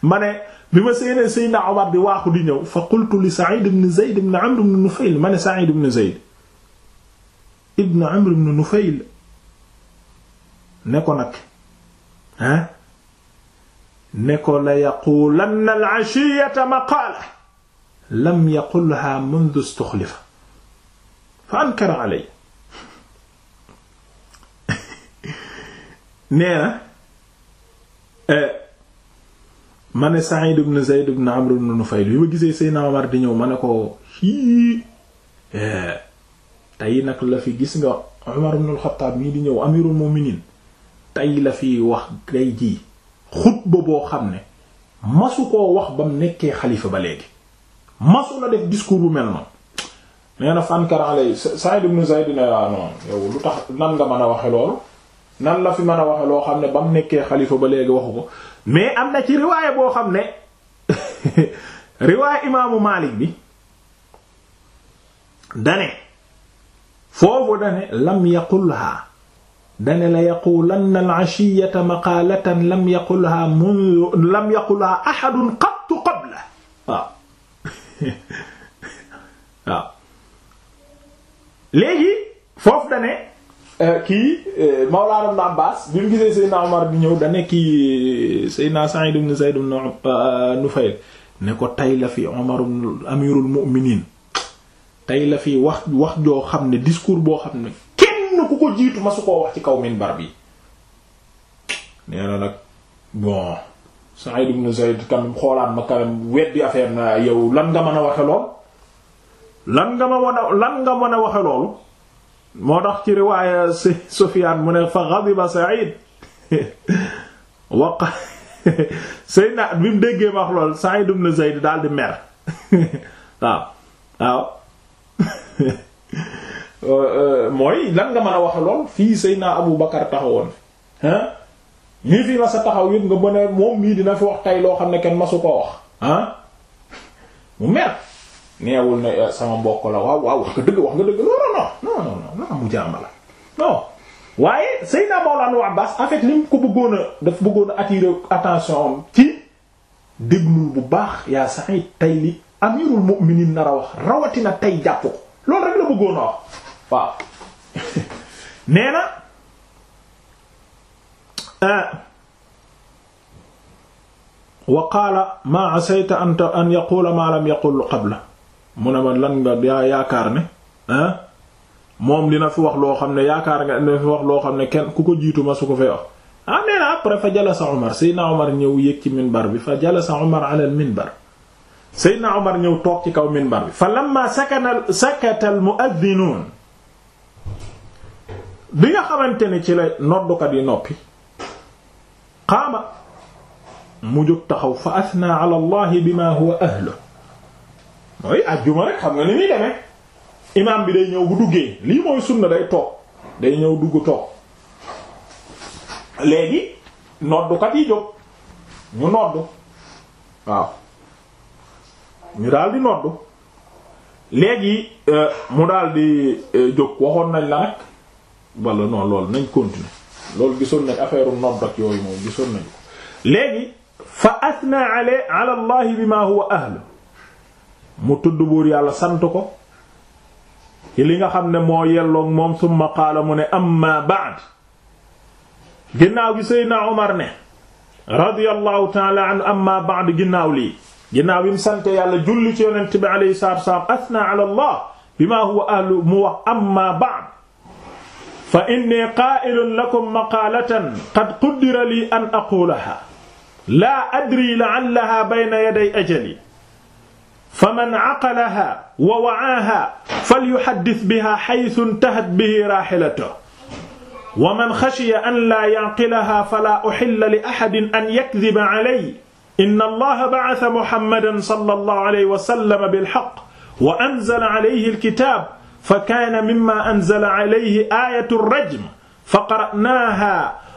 ma ne bi ma seenee Seydina Omar di waaxu di ñëw fa qultu li Sa'id ibn Zayd ibn Amr ibn Nufayl ma ne Sa'id ibn Zayd ibn Amr ibn Nufayl ne ko nag ah ne ko la yaqulanna al-ashiyata maqaala lam yaqulha mundu istuxlifa fa ankara alay nee na eh, ma ne Sa'id ibn Zayd ibn Amr ibn Nufayl bi ma gisee Seydina Omar di ñëw ma ne ko xii eh, tey nag la fi gis nga Omar ibn al-Khattab di ñëw amirul mu'minin tey la fi wax day ji xutba boo xam ne masu koo wax bam nekkee xalifa ba léegi masu la def discours bu mel noonu nee na fankar alay Sa'id ibn Zayd ne waaw ah, non yow lu tax nan nga mën a waxe loolu nan la fi man a waxe loo xam ne ba nekkee xalifa ba léegi waxu ko mais am na ci riwaaya boo xam ne riwaaya imaamu Maalik bi dane foofu dane lam yaqulha la yaqulanna al-ashiyata maqaalatan qabla waaw ah. léegi foofu da ne euh, kii euh, Mawlaana Ibn Abbaas bi mu gisee Seydina Omar bi ñëw da ne kii Seydina Sa'id ibn Zayd ibn euh, Nufayl ne ko tey la fi Omar amirul mu'minin tey la fi wax wax joo xam ne discours boo xam ne kenn ku ko jiitu ma su koo wax ci kaw minbar bi nee na nag bon. Sa'id ibn Zayd kanam xoolaat ma kanam weddi affaire na yow lan nga mën a waxe lool lan nga mën a waxe loolu moo tax ci riwaaya Sufyaan mu ne fa ghadiba Sa'id waqa déggee ma wax lool Sa'id ibn Zayd daal di mer waaw waaw euh, euh, mooy lan nga mën a waxe lool fii Seydina Abu Bakar taxawoon hein ñi fi masa taxaw yëpp nga ba ne moom mii dina fi wax tay loo xam ne kenn masu ko wax ah mu mer neewul ne eh, sama mbokk la waaw waaw wax nga dëgg wax nga dëgg non non non non non mu jaama la non waaye Seydina Mawlana Abbas en fait lim ko bëggoon a daf bëggoon a attirer attention am ci déglul bu baax yaa Sa'id tay li amirul mu'minin nar a wax rawatina tay jàpp ko loolu rek la bëggoon a wax waaw nee na wa qaala maa asayta an an yaqula maa lam yaqul qabla mu ne ma lan nga yaakaar ne ah moom dina fi wax loo xam ne yaakaar nga dina fi wax loo xam ne kenn ku ko jiituma su ko fay wax ah nee na après fa jalasa Umar Seydina Umar ñëw yéeg ci minbar bi fa jalasa Umar ala al minbar Seydina ñëw toog ci kaw minbar bi fa lamma sakana sakata al bi nga xamante ne ci la noddukat yi noppi qaama mu jóg taxaw fa asna ala allah bima huwa ahlu mooy ajjuma rek xam nga ni muy demee imaam bi day ñëw bu duggee lii mooy sunna day toog day ñëw dugg toog léegi noddukat yi jóg ñu noddu waaw ñu daal di noddu léegi euh, mu daal di euh, jóg waxoon nañ la nag wala non loolu nañ continuer loolu gisoon nañ affaire nodd ak yooyu moom gisoon nañ ko léegi fa asna ale ala huwa ahlu mu tudd buur yàlla sant ko li nga xam ne moo yelloog moom summa qaala mu ne amma ba'd ginnaaw gi seydna omar ne radiyallahu taala anhu amma ba'd ginnaaw lii ginnaaw yim sante yàlla julli ci yonent bi alayhi salaatu wa salaam asna ala allah bima huwa ahlu mu wax amma ba'd fa inni qaa'ilun lakum maqaalatan qad quddira lii an aquulahaa laa adrii la'allahaa bayna yaday ajali faman caqalahaa wa wa'aahaa falyuhaddis bihaa haysu intahat bihi raahilatuhu wa man xashiya an laa yacqilahaa falaa uhilla li ahadin an yakdiba calayya inna Allaha bacasa Muhammadan sallallahu alayhi wa sallam bilhaqq wa anzala calayhi alkitaab fa kaana mimma anzala alayhi aayatu rajm fa qara'naaha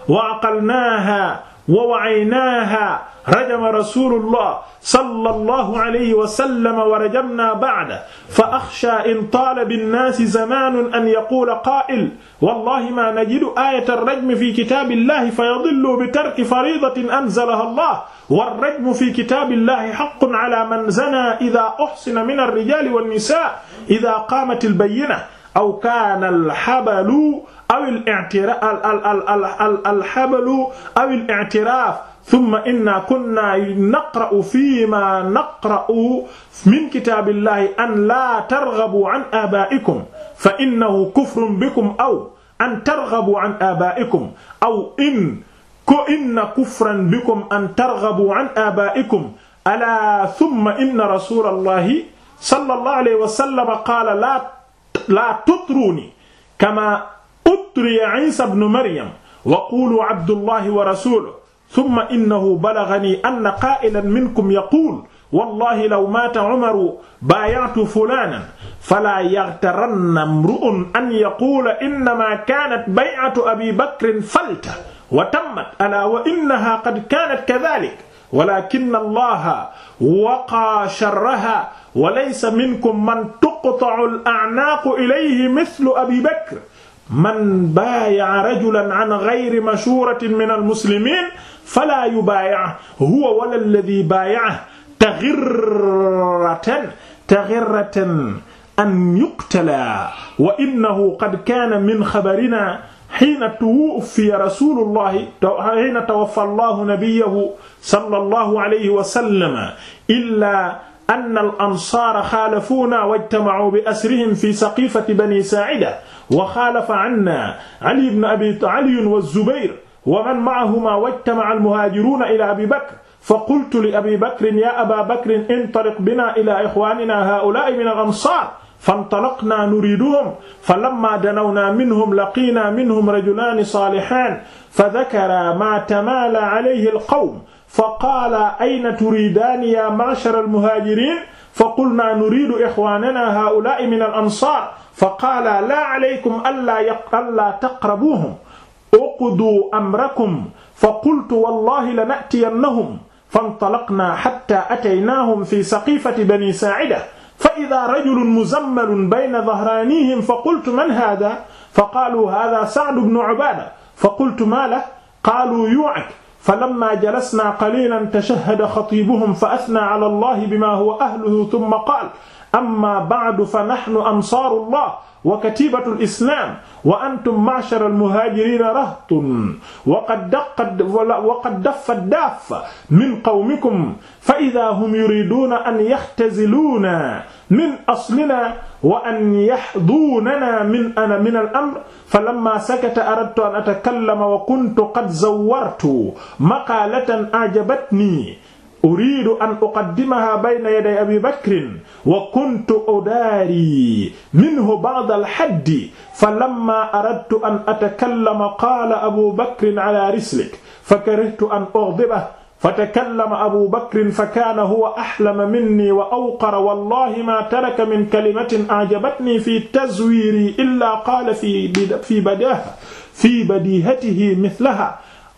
wa aqalnaaha wa wa'aynaaha rajama rasulullah sallallahu alayhi wa sallam wa rajamna ba'da fa akhsha in taala binnaasi zamanun an yaqula qaa'il wallahi ma najidu ayata ar-rajm fi kitabillahi fayadillu bitarki faridatin anzalaha Allah war-rajmu fi kitabillahi haqqun ala man zana idha uhsina min ar-rijali wan-nisa idha qamat al-bayyina aw kana al-habalu awil i'tira al al al al al habalu awil i'tiraf summa inna kunna naqra'u fiima naqra'u min kitaabillahi an laa targhabu an aabaa'ikum fa innahu kufrun bikum aw an targhabu an aabaa'ikum aw in ko inna kufran bikum an targhabu an aabaa'ikum alaa summa inna rasuulallahi sallallahu alayhi wa sallam qaala laa laa tutruuni kamaa utriya isa bnu maryam wa qulu abdullahi wa rasuluhu thumma innahu balaghani anna qaa'ilan minkum yaqulu wallahi law maata umaru baaya'tu fulaanan falaa yaghtaranna imru'un an yaqula innama kaanat bay'atu abi bakrin falta wa tammat alaa wa innaha qad kaanat kadhaalika walakin allaha waqaa sharraha wa laysa minkum man tuqta'u al-a'naaqu ilayhi mithlu abi bakr man baaya'a rajulan an ghayri mashuratin min al-muslimin fala yubaaya huwa wala alladhi baaya'a taghirratan taghirratan an yuqtala wa innahu qad kaana min khabarina hiina tuwuffiya rasuulullahi hiina tawaffa allahu nabiyyahu sallallahu alayhi wa sallam illaa anna al-ansaara khaalafuna wajtama'u bi asrihim fi saqiifati bani saa'ida wa xaalafa anna Ali ibn Abi Ali wa Zubayr wa man ma'ahumaa wajtama'a al-muhaajiruuna ilaa Abii Bakr faqultu li Abii Bakrin yaa Abaa Bakrin intaliq binaa ilaa ixwaaninaa haa'ulaa'i mina al-ansaar fantalaqnaa nuriiduhum falammaa danawnaa minhum laqiinaa minhum rajulaani saalihaani fadakaraa maa tamaalaa alayhi al-qawm faqaalaa ayna turiidaani yaa ma'shara al-muhaajiriin faqulnaa nuriidu ixwaananaa haa'ulaa'i mina al-ansaar fa qaala laa alaykum allaa taqrabuuhum uqduu amrakum fa qultu wallahi lana'tiyannahum fantalaqnaa hattaa ataynaahum fi saqiifati banii saa'ida fa idaa rajulun muzammalun bayna dhahraanihim fa qultu man haadaa fa qaaluu haadaa sa'du bnu ubaada fa qultu maa lahu qaaluu yuu'ak falammaa jalasnaa qaliilan tashahhada xatiibuhum fa athnaa ala allahi bimaa huwa ahluhu thumma qaala amma ba'du fa nahnu ansaarullah wa katibatul islam wa antum ma'shara al-muhaajiriina rahtun wa qad daqqat wa qad daffat daaffa min qawmikum fa idhaa hum yuriiduuna an yaxtaziluuna min aslinaa wa an yahduunanaa min ana min al-amr falammaa sakata aradtu an atakallama wa kuntu qad zawwartu maqaalatan a'jabatnii uridu an uqaddimaha bayna yaday abi bakrin wa kuntu udaari minhu ba'd al-haddi falamma aradtu an atakallama qaala abu bakrin ala rislik fakarihtu an ughdibahu fatakallama abu bakrin fakaana huwa ahlama minni wa awqara wallahi ma taraka min kalimatin a'jabatni fi tazwiiri illaa qaala fi fi badaaha fi badiihatihi mislaha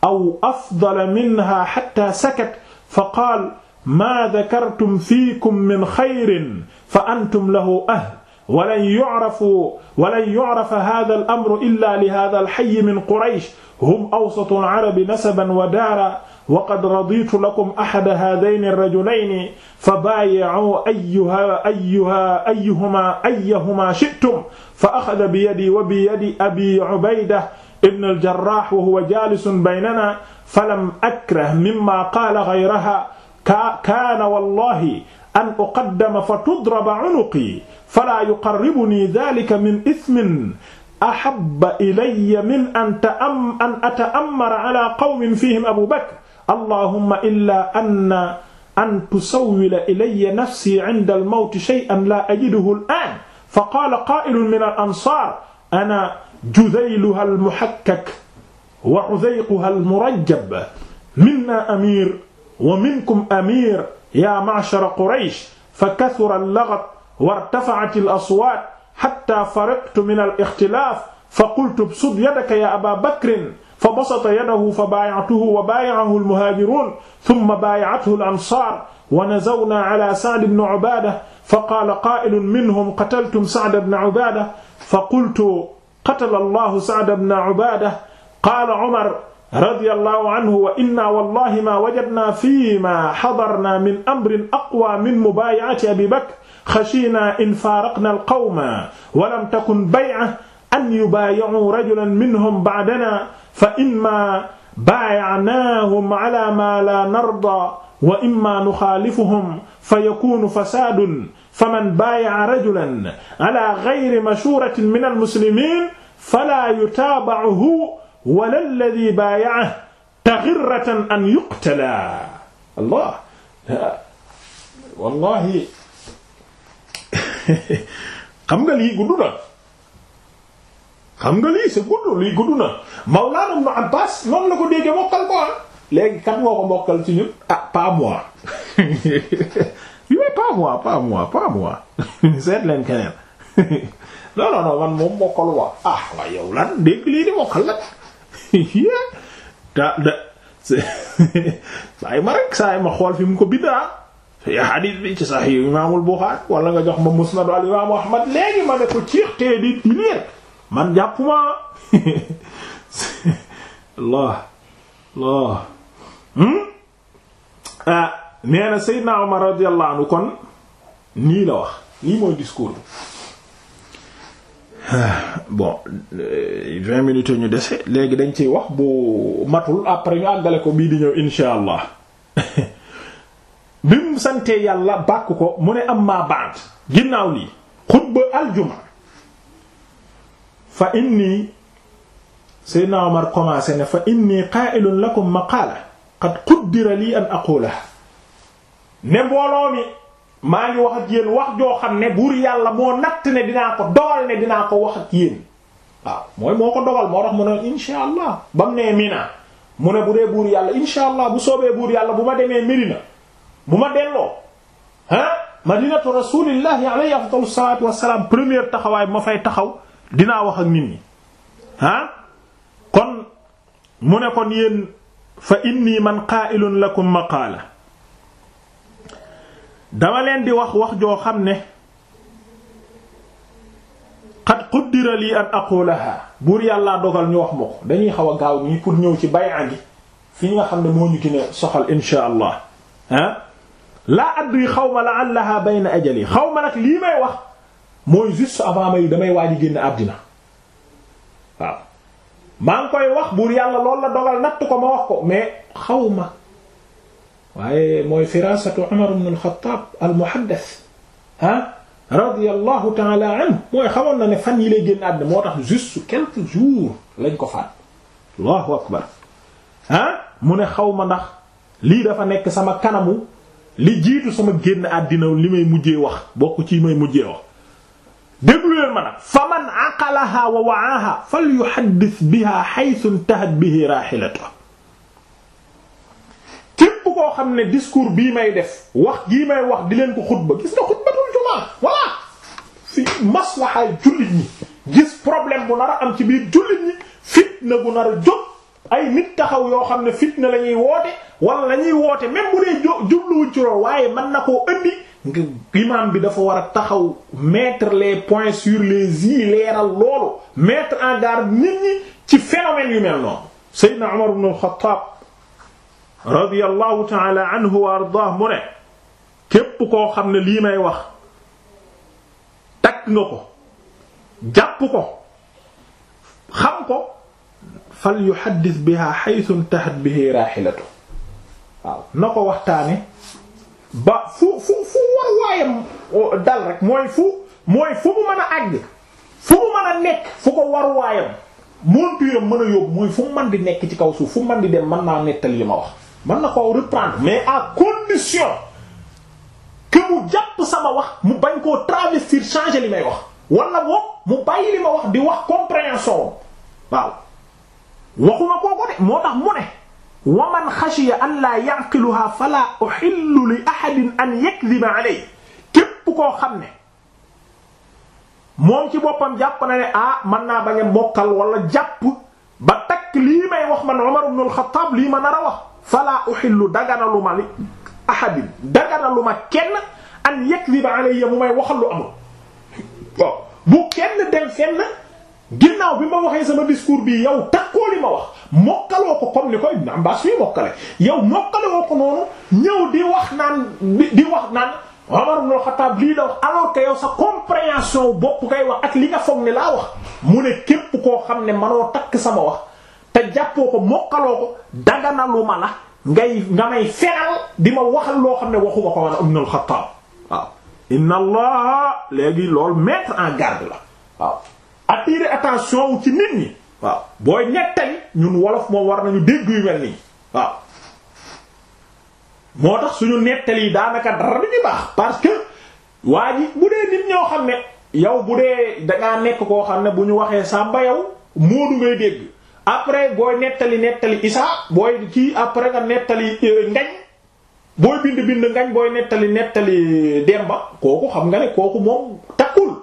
aw afdala minha hatta sakat fa qaal maa dakartum fiikum min xayrin fa antum lahu ahd walan yu'rafu walan yu'rafa haadhal amru illaa li haadhal hayyi min quraysh hum awsatu al-arabi nasaban wa daara wa qad raditu lakum ahada haadhayni ar-rajulayni fabaayi'uu ayyuhaa ayyuhaa ayyuhumaa ayyahumaa shi'tum fa akhadha biyadii wa biyadi abii ubaydah ibn al-Jarrah wa huwa jalisun baynana falam akrah mimma qaala ghayraha kaana wallahi an uqaddama fatudraba unuqi fala yuqarribuni dhalika min ithmin ahabba ilayya min an ata'ammara ala qawmin fihim Abu Bakr allahumma illa anna an tusawwila ilayya nafsi inda al-mawti shay'an la ajiduhu al-an fa qaala qaa'ilun min al-ansaar ana judayluha almuhakkak wa uzayquha almurajjab minna amir wa minkum amir yaa ma'shara quraysh fa kathura al-laghat wa irtafa'at al-aswaat hatta fariqtu min al-ikhtilaaf fa qultu bsut yadaka yaa abaa bakrin fa basata yadahu fa baaya'tuhu wa baaya'ahu al-muhaajiruun thumma baaya'athu al-ansaar wa nazawnaa calaa Sa'd ibn Ubaada fa qaala qaa'ilun minhum qataltum Sa'd ibn Ubaada fa qultu qatala allahu Sa'd ibn Ubaada qaala Umar radiyallahu anhu wa inna wallahi ma wajadna fiima hadarna min amrin aqwa min mubaayi'ati Abi Bakr xashiina in faaraqna alqawma wa lam takun bay'a an yubaayi'u rajulan minhum ba'dana fa imma baayi'naahum ala ma la narda wa imma nuxaalifuhum fa yakunu fasaadun faman baaya'a rajulan ala ghayri mashuratin min al-muslimin fala yutaaba'uhu wala alladhi baaya'ahu taghirratan an yuqtala allah wallahi xam nga lii gudd na xam nga lii c'est gudd lii gudd na Mawlana Ibn Abbas noonu la ko déggee mokkal ko ah. léegi kat moo ko mokkal ci ñun ah pas moi yooyu pas moi pas moi pas moi seet leen keneen man moom mokkal waa ah, waa yow lan dégg lii di mokkal lan da da saay ma rek saay ma xool fi mu ko biddaa ah. hadith bi ci sahih imaamul Buxaari wala nga jox ma musnadu al imaamu Ahmad léegi ma ne ko ciix tee di liir man jàpp ma Allah Allah hmm? ah nee na Seydina Omar radiyallahu anhu kon nii la wax lii mooy discours bi bon euh, vingt minutes ñu dese léegi dañ ciy wax bu matul après ñu àggale ko bii di ñëw insha allah bi mu santee yàlla bàkk ko mu ne am ma ba'd ginnaaw lii xutba aljuma fa inni Seydina Omar commencé ne fa inni qa'ilun lakum maqala qad quddira li an aqulaha ne mbooloo mi maa ngi wax ak yéen wax joo xam ne buur yàlla moo natt ne dinaa ko dogal ne dinaa ko wax ak yéen mooy moo ko dogal moo tax mu ne insha ba mu nee Mina buur yàlla insha allah bu soobee buur yàlla bu ma demee Medina bu ma delloo ah madinatu rasulillahi alayhi afdalu salatu wasalaam première taxawaay ma fay taxaw dinaa wax ak nit ñi ah kon mu ne kon yéen fa inni man qaa'ilun lakum maqaala dama leen di wax wax joo xam ne qad quddira lii an aqulaha buur yàllaa dogal ñu wax ma ko dañuy xaw a gaaw nii pour ñëw ci bay'a gi fii ñu nga xam ne moo ñu gën a soxal insha allah ah laa adri xawma la allaha bayna ajali xawma nag lii may wax mooy juste avant may damay waaji génn àddina waaw maa ngi koy wax buur yàlla loolu la dogal natt ko ma wax ko mais xawma waaye mooy firasatu Umar ibn al-Khattab al-muhaddath ah radiyallahu ta'ala anhu mooy xamoon na ne fan yi lay génn àddina moo tax juste quelques jours lañ ko faat allahu akbar ah mu ne xaw ma ndax lii dafa nekk sama kanamu li jiitu sama génn àddina li may mujjee wax bokk ci may mujjee wax déglu leen ma nag fa man aqalaha wa biha haythu intahat bihi rahilatuha képp koo xam ne discours bii may def wax gii may wax di leen ko xutba gis nga xutbatul jumaa voilà fi maslahaay jullit ñi gis problème bu nar a am ci biir jullit ñi fitna bu nar a jóg ay nit taxaw yoo xam ne fitna la ñuy woote wala la woote même bu dee jubluwuñ ci lool waaye mën na koo indi imam bi dafa war a taxaw mettre les points sur les i leeral loolu mettre en garde nit ñi ci phénomène yu mel noonu Seydina Umar ibn Khattab radiyallahu taala anhu wa koo xam ne lii may wax takk ko jàpp ko xam ko fal yuhaddis na ko waxtaane ba fu fu fu war waayam dal rek mooy fu mooy fu mu mën a àgg fu mu mën a nekk fu ko war waayam monturam mën a yóbbu mooy fu mu di nekk ci kaw suuf fu mu mën di dem mën naa nettali li ma wax mën na koo reprendre mais à condition que mu jàpp sama wax mu bañ koo travestir changer li may wax wala boog mu bàyyi li ma wax di wax compréhension waaw waxuma kooko de moo tax mu ne wa man xashiya an laa yaqiluha fala uhillu li ahadin an yakdhiba alayhi képp koo xam ne moom ci boppam jàpp na ne ah mën naa bañ a mokkal wala jàpp ba takk lii may wax man Umar ibn al-Khattab lii ma nar a wax fala uhillu daganaluma li ahadin daganaluma kenn an yakdhiba alayya mu may waxal lu amul waaw kenn dem fenn ginnaaw bi ma waxee sama discours bi yow takkoo li ma wax mokkaloo ko koy Ibn Abbas fi mokkale yow mokkale woo ko noonu ñëw di wax naan di wax naan Umar wax alors que yow sa compréhension bopp ngay wax ak li nga foog ne laa wax mu ne képp koo xam ne manoo takk sama wax jàppoo ko mokkaloo ko daganalu la ngay nga may feral di ma waxal loo xam ne waxuma ko wala ibn al waaw inna allah léegi lool mettre en garde la waaw attirer attention wu ci nit ñi waaw booy nettali ñun wolof moom war nañu dégg yu mel nii waaw moo tax suñu nettali daanaka dara du baax parce que waa ji bu dee nit ñoo xam ne yow bu dee dangaa nekk koo xam ne bu ñu waxee sàmba yow moodu ngay dégg après booy nettali nettali isaa booy kii après nga nettali euh, ngañ booy bind bind ngañ booy nettali nettali euh, demba kooku xam nga ne kooku moom takkul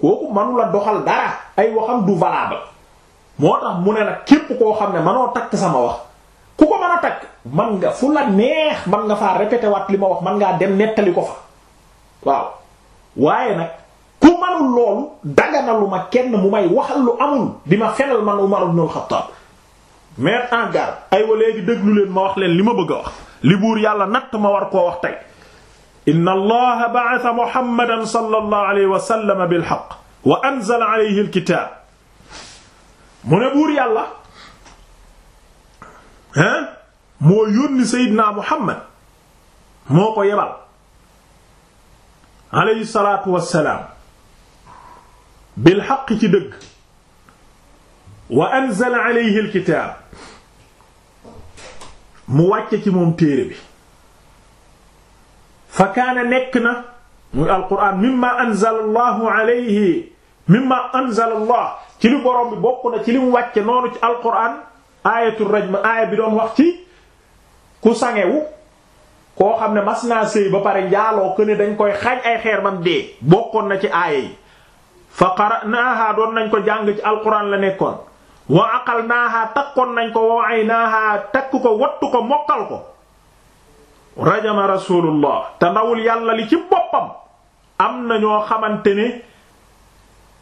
kooku manu la doxal dara ay waxam du valable moo tax mu ne nag képp koo xam ne manoo takk sama wax ku ko mën a takk man nga fu la neex man nga faa répété waat li ma wax man ngaa dem nettali ko fa waaw waaye nag manul loolu mu may waxal lu amul di ma wax leen li ma bëgg wax li buur yàlla natt ma war koo wax tey inna allaha ba'atha muhammadan sallallahu alayhi wa sallam mu ne buur yàlla hein moo yónni seydina muhammad moo ko yebal alayhi bil xaq ci dëgg wa anzala alayhi al kitaab mu wàcce ci moom téere nekk na muy alquran mimma allah ci li borom bi bokk na ci li mu wàcce noonu ci alquran aayatu rajm aaya bi doon wax ci ku sangewu koo xam ne mas naa sëy ba pare njaaloo ko dañ koy xaaj ay xeer bam dee bokkoon na ci aaya fa qara'naaha doon nañ ko jàng ci alquran la nekkoon wa aqalnaaha takkoon nañ ko wa aynaaha takk ko wattu ko mokkal ko rajama rasulullah te ndawul yàlla li ci boppam am na ñoo xamante ni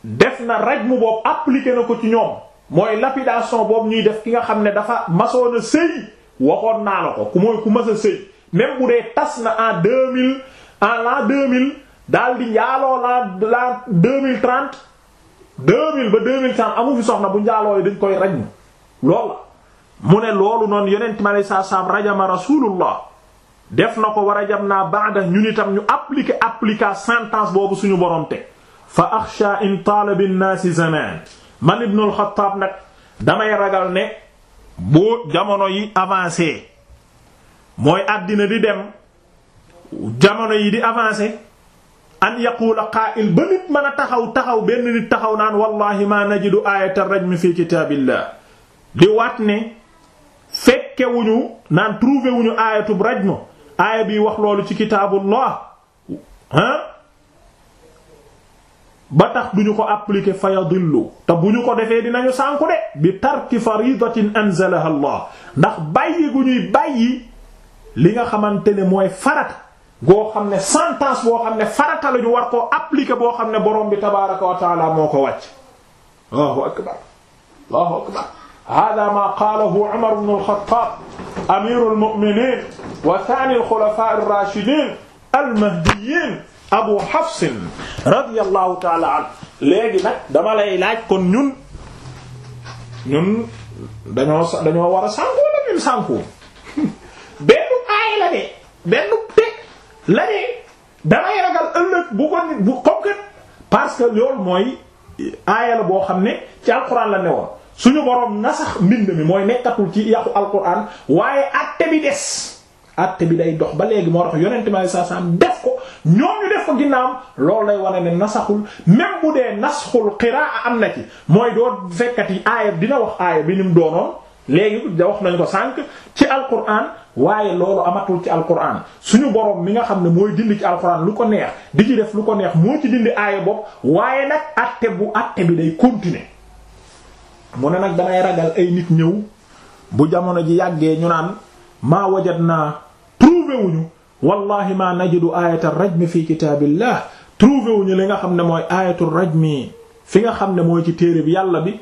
def na raj mu boobu appliqué na ko ci ñoom mooy lapidation boobu ñuy def ki nga xam ne dafa masoon a sëy waxoon naa la ko ku mooy ku mas a sëy même bu dee tas na en deux mille en l'an deux mille daal di njaaloo la laa deux mille trente deux mille ba deux mille trente amu fi soxna bu njaaloo yi dañ koy raj lool mu ne loolu noonu yeneen ma lay saa saam rajama rasulullah def na ko war a jam naa baada ñu itam ñu appliquer appliquer sentance boobu suñu borom te fa axsha in taala binnaasi zaman man ibnul xattaab nag damay ragal ne bu jamono yi avancé mooy àddina di dem jamono yi di avancé an yaquula qaa'il ba nit mën a taxaw taxaw benn nit taxaw naan wallahi ma najidu aayata rajmi fi kitaabillah di waat ne fekkewuñu naan trouvé wuñu aayatub rajmo aaya bi wax loolu ci kitaabullah ah ba tax duñu ko appliquer fa yadillu te bu ñu ko defee dinañu sànku de bi tarki faridatin anzalaha allah ndax bàyyi gu bàyyi li nga xamante ne mooy farat goo xam ne sentence boo xam ne farata la ñu war koo appliquer boo xam ne borom bi tabaraka wa taala moo ko wàcc allahu akbar allahu akbar hada ma qaalahu Umar ibn al-Khattab amiru al-mu'minin wa thani al-khulafa ar-rashidin al-mahdiyyin abu hafsin radiyallahu taala an léegi nag dama lay laaj kon ñun ñun dañoo dañoo war a sànku la ñun sànku benn aay la de benn teg la ne damay ragal ëllëg bu ko bu comme que parce que loolu mooy euh, aaya la boo xam ne ci alquran la newoon suñu boroom nasax mbind mi mooy nekkatul ci yàqu alquran waaye àtte bi des àtte bi day dox ba léegi moo tax yonent bi saa saa def ko ñoom ñu def ko ginnaawam loolu lay wane ne nasaxul même bu dee nasxul qiraa am na ci mooy doo fekkati aaya dina wax aaya bi ni mu doonoon. léegi da wax nañ ko sànq ci alquran waaye loolu amatul ci alquran suñu borom mi nga xam ne mooy dindi ci alquran lu ko neex di ci def lu ko neex moo ci dindi aaya bopp waaye nag àtte bu àtte bi day continuer mu ne nag damay ragal ay nit ñëw bu jamono ji yàggee ñu naan maa wajadna trouvé wuñu wallahi ma najidu ayata rajmi fi kitaabillah trouvé wuñu li nga xam ne mooy ayatu rajmi fi nga xam ne mooy ci téere bi yàlla bi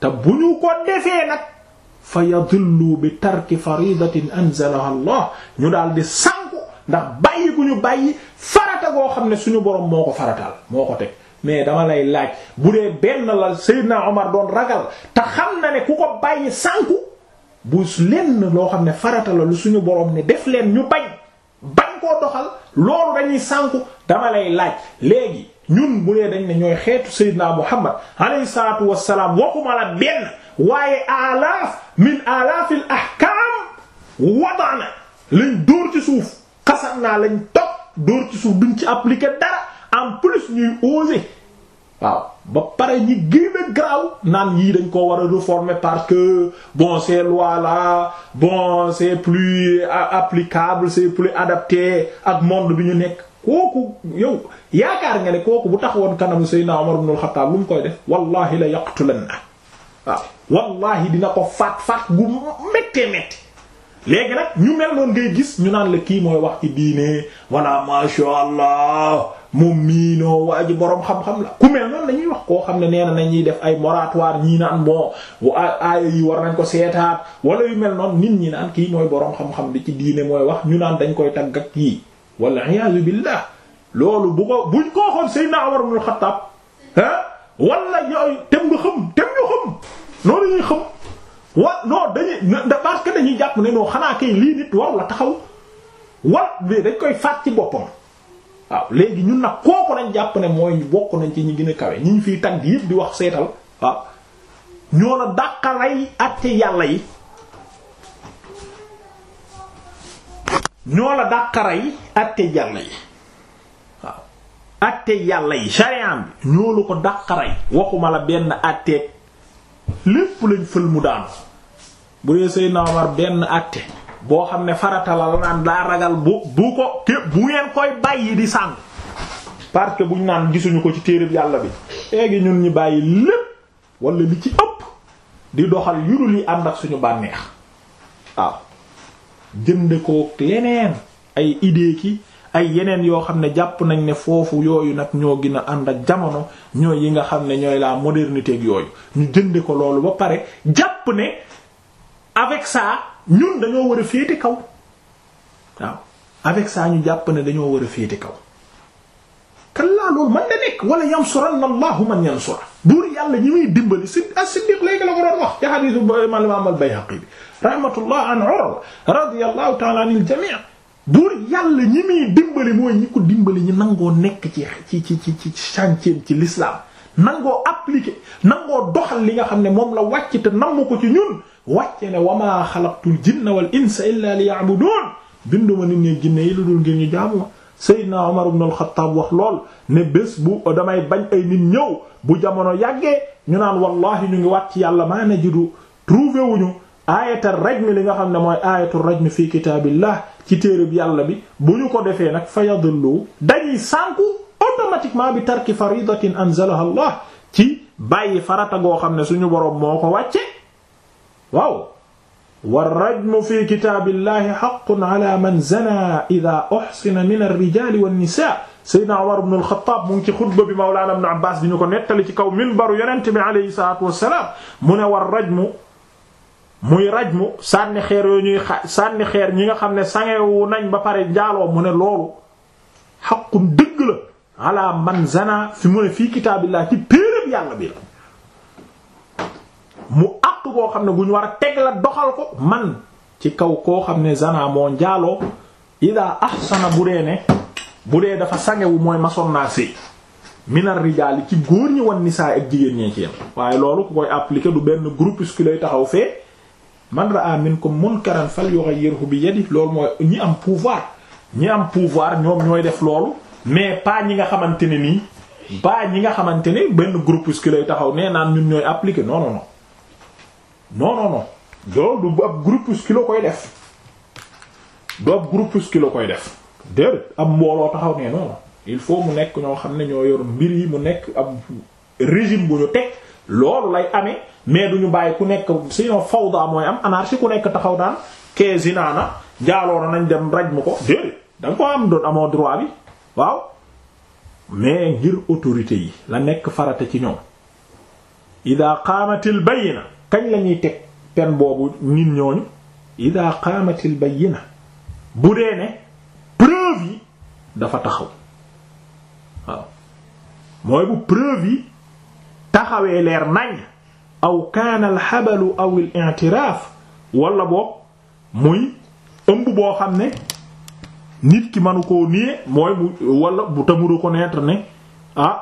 te bu ñu ko defee nag fa yadillu bi tarki faridatin anzalaha allah ñu daal di sànku ndax bàyyi gu ñu bàyyi farata goo xam ne suñu borom moo ko farataal moo ko teg mais dama lay laaj bu dee benn la Seydina Omar doon ragal te xam na ne ku ko bàyyi sànku bu lenn loo xam ne farata la lu suñu borom ne def leen ñu bañ bañ koo doxal loolu dañuy sànku dama lay laaj léegi ñun bu dee dañ ne ñooy xeetu Seydina Muhammad alayhi salaatu wassalaam waxuma la benn waaye alaaf min alaafil ahkaam wadana lañ dóor ci suuf xasan naa lañ toog dóor ci suuf duñ ci appliquer dara en plus ñuy oser waaw ba pare ñi gën a naan yii dañ ko war a réformer parce que bon ces lois bon c'est plus applicable c'est plus adapté ak monde bi ñu nekk kooku yow yaakaar nga ne kooku bu taxawoon kanamu Seydina Omar ibn al-Khattab lu mu koy def wallahi la yaqtulanna waaw wallahi dina ko faat faat gu méttee métti léegi nag ñu mel noonu ngay gis ñu naan la kii mooy wax ci diine walla masha allah moom mii noo waa ji boroom xam-xam la ku mel noonu la wax koo xam ne nee na nañuy def ay moratoire ñii naan bon aaya yi war nañ ko seetaat wala yu mel noonu nit ñi naan kii mooy boroom xam-xam bi ci diine mooy wax ñu naan dañ koy tagg ak yii walla iyaazu billah loolu bu ko buñ ko waxoon Seydina Umar ibn Xattaab ah wala yooyu tem noonu la ñuy xam wa non dañuy parce dañuy jàpp ne non xanaa kay lii nit war la taxaw war bi dañ koy faat ci boppam waaw léegi ñun nag kooku nañ jàpp ne mooy bokk nañ ci ñu gën a kawe ñi ñu fiy tagg yëpp di wax seetal waaw ñoo la dàqalay àtte yàlla yi. ñoo la dàqara yi atte yàlla yi yàlla yi shariam bi ñoo lu ko dàqara yi waxuma la benn atteeg lépp lañ fël mu daanu bu dee Seydina Omar benn àtte boo xam ne farata la naan daa ragal bu bu ko képp bu ngeen koy bàyyi di sàng parce buñ naan gisuñu ko ci téere yàlla bi léegi ñun ñu bàyyi lépp wala li ci ëpp di doxal yurul yi ànd ak suñu bànneex aw jënd kook leneen ay idée ki ay yeneen yoo xam ne jàpp nañ ne foofu yooyu nag ñoo gën a ànd ak jamono ñooy yi nga xam ne ñooy la modernité ak yooyu ñu jënde ko loolu ba pare jàpp ne avec sa ñun dañoo war a féete kaw waaw avec ça ñu jàpp ne dañoo war a féete kaw kallaa loolu man da nekk wala yansuranna allahu man yansura buur yàlla ñi muy dimbali si as-Siddiq léegi la ko doon wax ca xadiisu imaam al-Bayhaqi bi rahmatullah an Urwa buur yàlla ñi muy dimbali mooy ñi ko dimbali ñi nangoo nekk ci ci ci ci ci chantier ci l'islam nangoo appliquer nangoo doxal li nga xam ne moom la wàcc te namm ko ci ñun wàcce ne wa wamaa xalaqtul jinna wal insa illa liya'budun binduma nit ñi jinne yi lu dul ngir ñu jaamu ma Seydina Umar ibn al-Khattab wax lool ne bés bu damay bañ ay nit ñëw bu jamono yàggee ñu naan wallahi ñu ngi wàcc yàlla maa najidu trouvé wuñu aayata rajm li nga xam ne mooy aayatu rajm fi kitaabillah ci téereb yàlla bi bu ñu ko defee nag fa yadullu dañuy sànku automatiquement bi tarki faridatin anzalaha allah ci bàyyi farata goo xam ne suñu boroom moo ko wàcce waaw warrajmu fi kitaabillahi haqqun ala man zana ida uhsina min ar-rijaali wan-nisaa Seydina Umar ibn al-Khattab mu ngi ci xutba bi Mawlaana Ibn Abbaas bi ñu ko nettali ci kaw minbaru Yonent bi alayhi salaatu wassalaam mu ne warrajmu muy raj mu sànni xeer yooyu ñuy sànni xeer ñi nga xam ne sangewu nañ ba pare njaaloo mu ne loolu xaqum dëgg la ala man zana fi mu ne fii kitaabillah ci péeréb yàlla bi la mu àq koo xam ne gu ñu war a teg la doxal ko man ci kaw koo xam ne zana moo njaaloo ida ahsana bu dee ne bu dee dafa sangewu mooy mason naa sëy minar rijaali ci góor ñi wan nisaa ak jigéen ñee ci waaye loolu ku koy appliquer du benn groupuscule lay taxaw fee man mun ra'a minkum munkaran falyughayyirhu bi yadihi loolu mooy ñi am pouvoir ñi am pouvoir ñoom ñooy def loolu mais pas ñi nga xamante ne nii ba ñi nga xamante ne benn groupuscule lay taxaw nee naan ñun ñooy appliquer non non non non non du ab groupuscule koy def du ab kilo koy def déedéet ab mbooloo taxaw nee non il faut mu nekk ñoo xam ne ñoo yor mbir yi mu nekk ab régime bu ñu teg. loolu lay amee mais ñu bàyyi ku nekk sinon fawda mooy am anarchie ku nekk taxaw daan kee zinaana jaaloona nañ dem raj mu ko déedéet da ko am doon amoo droit bi waaw mais ngir autorité yi la nekk farata ci ñoom ida xaamatil bayina kañ la teg pen boobu nit ñooñu ida qaamatil bayina bu dee ne preuve yi dafa taxaw waaw mooy bu preuve yi taxawee leer nañ aw kaana alxabalu aw al i'tiraaf wala muy ëmb boo xam ne nit ki manu koo niee mooy mu wala bu ta mu reconnaître ne ah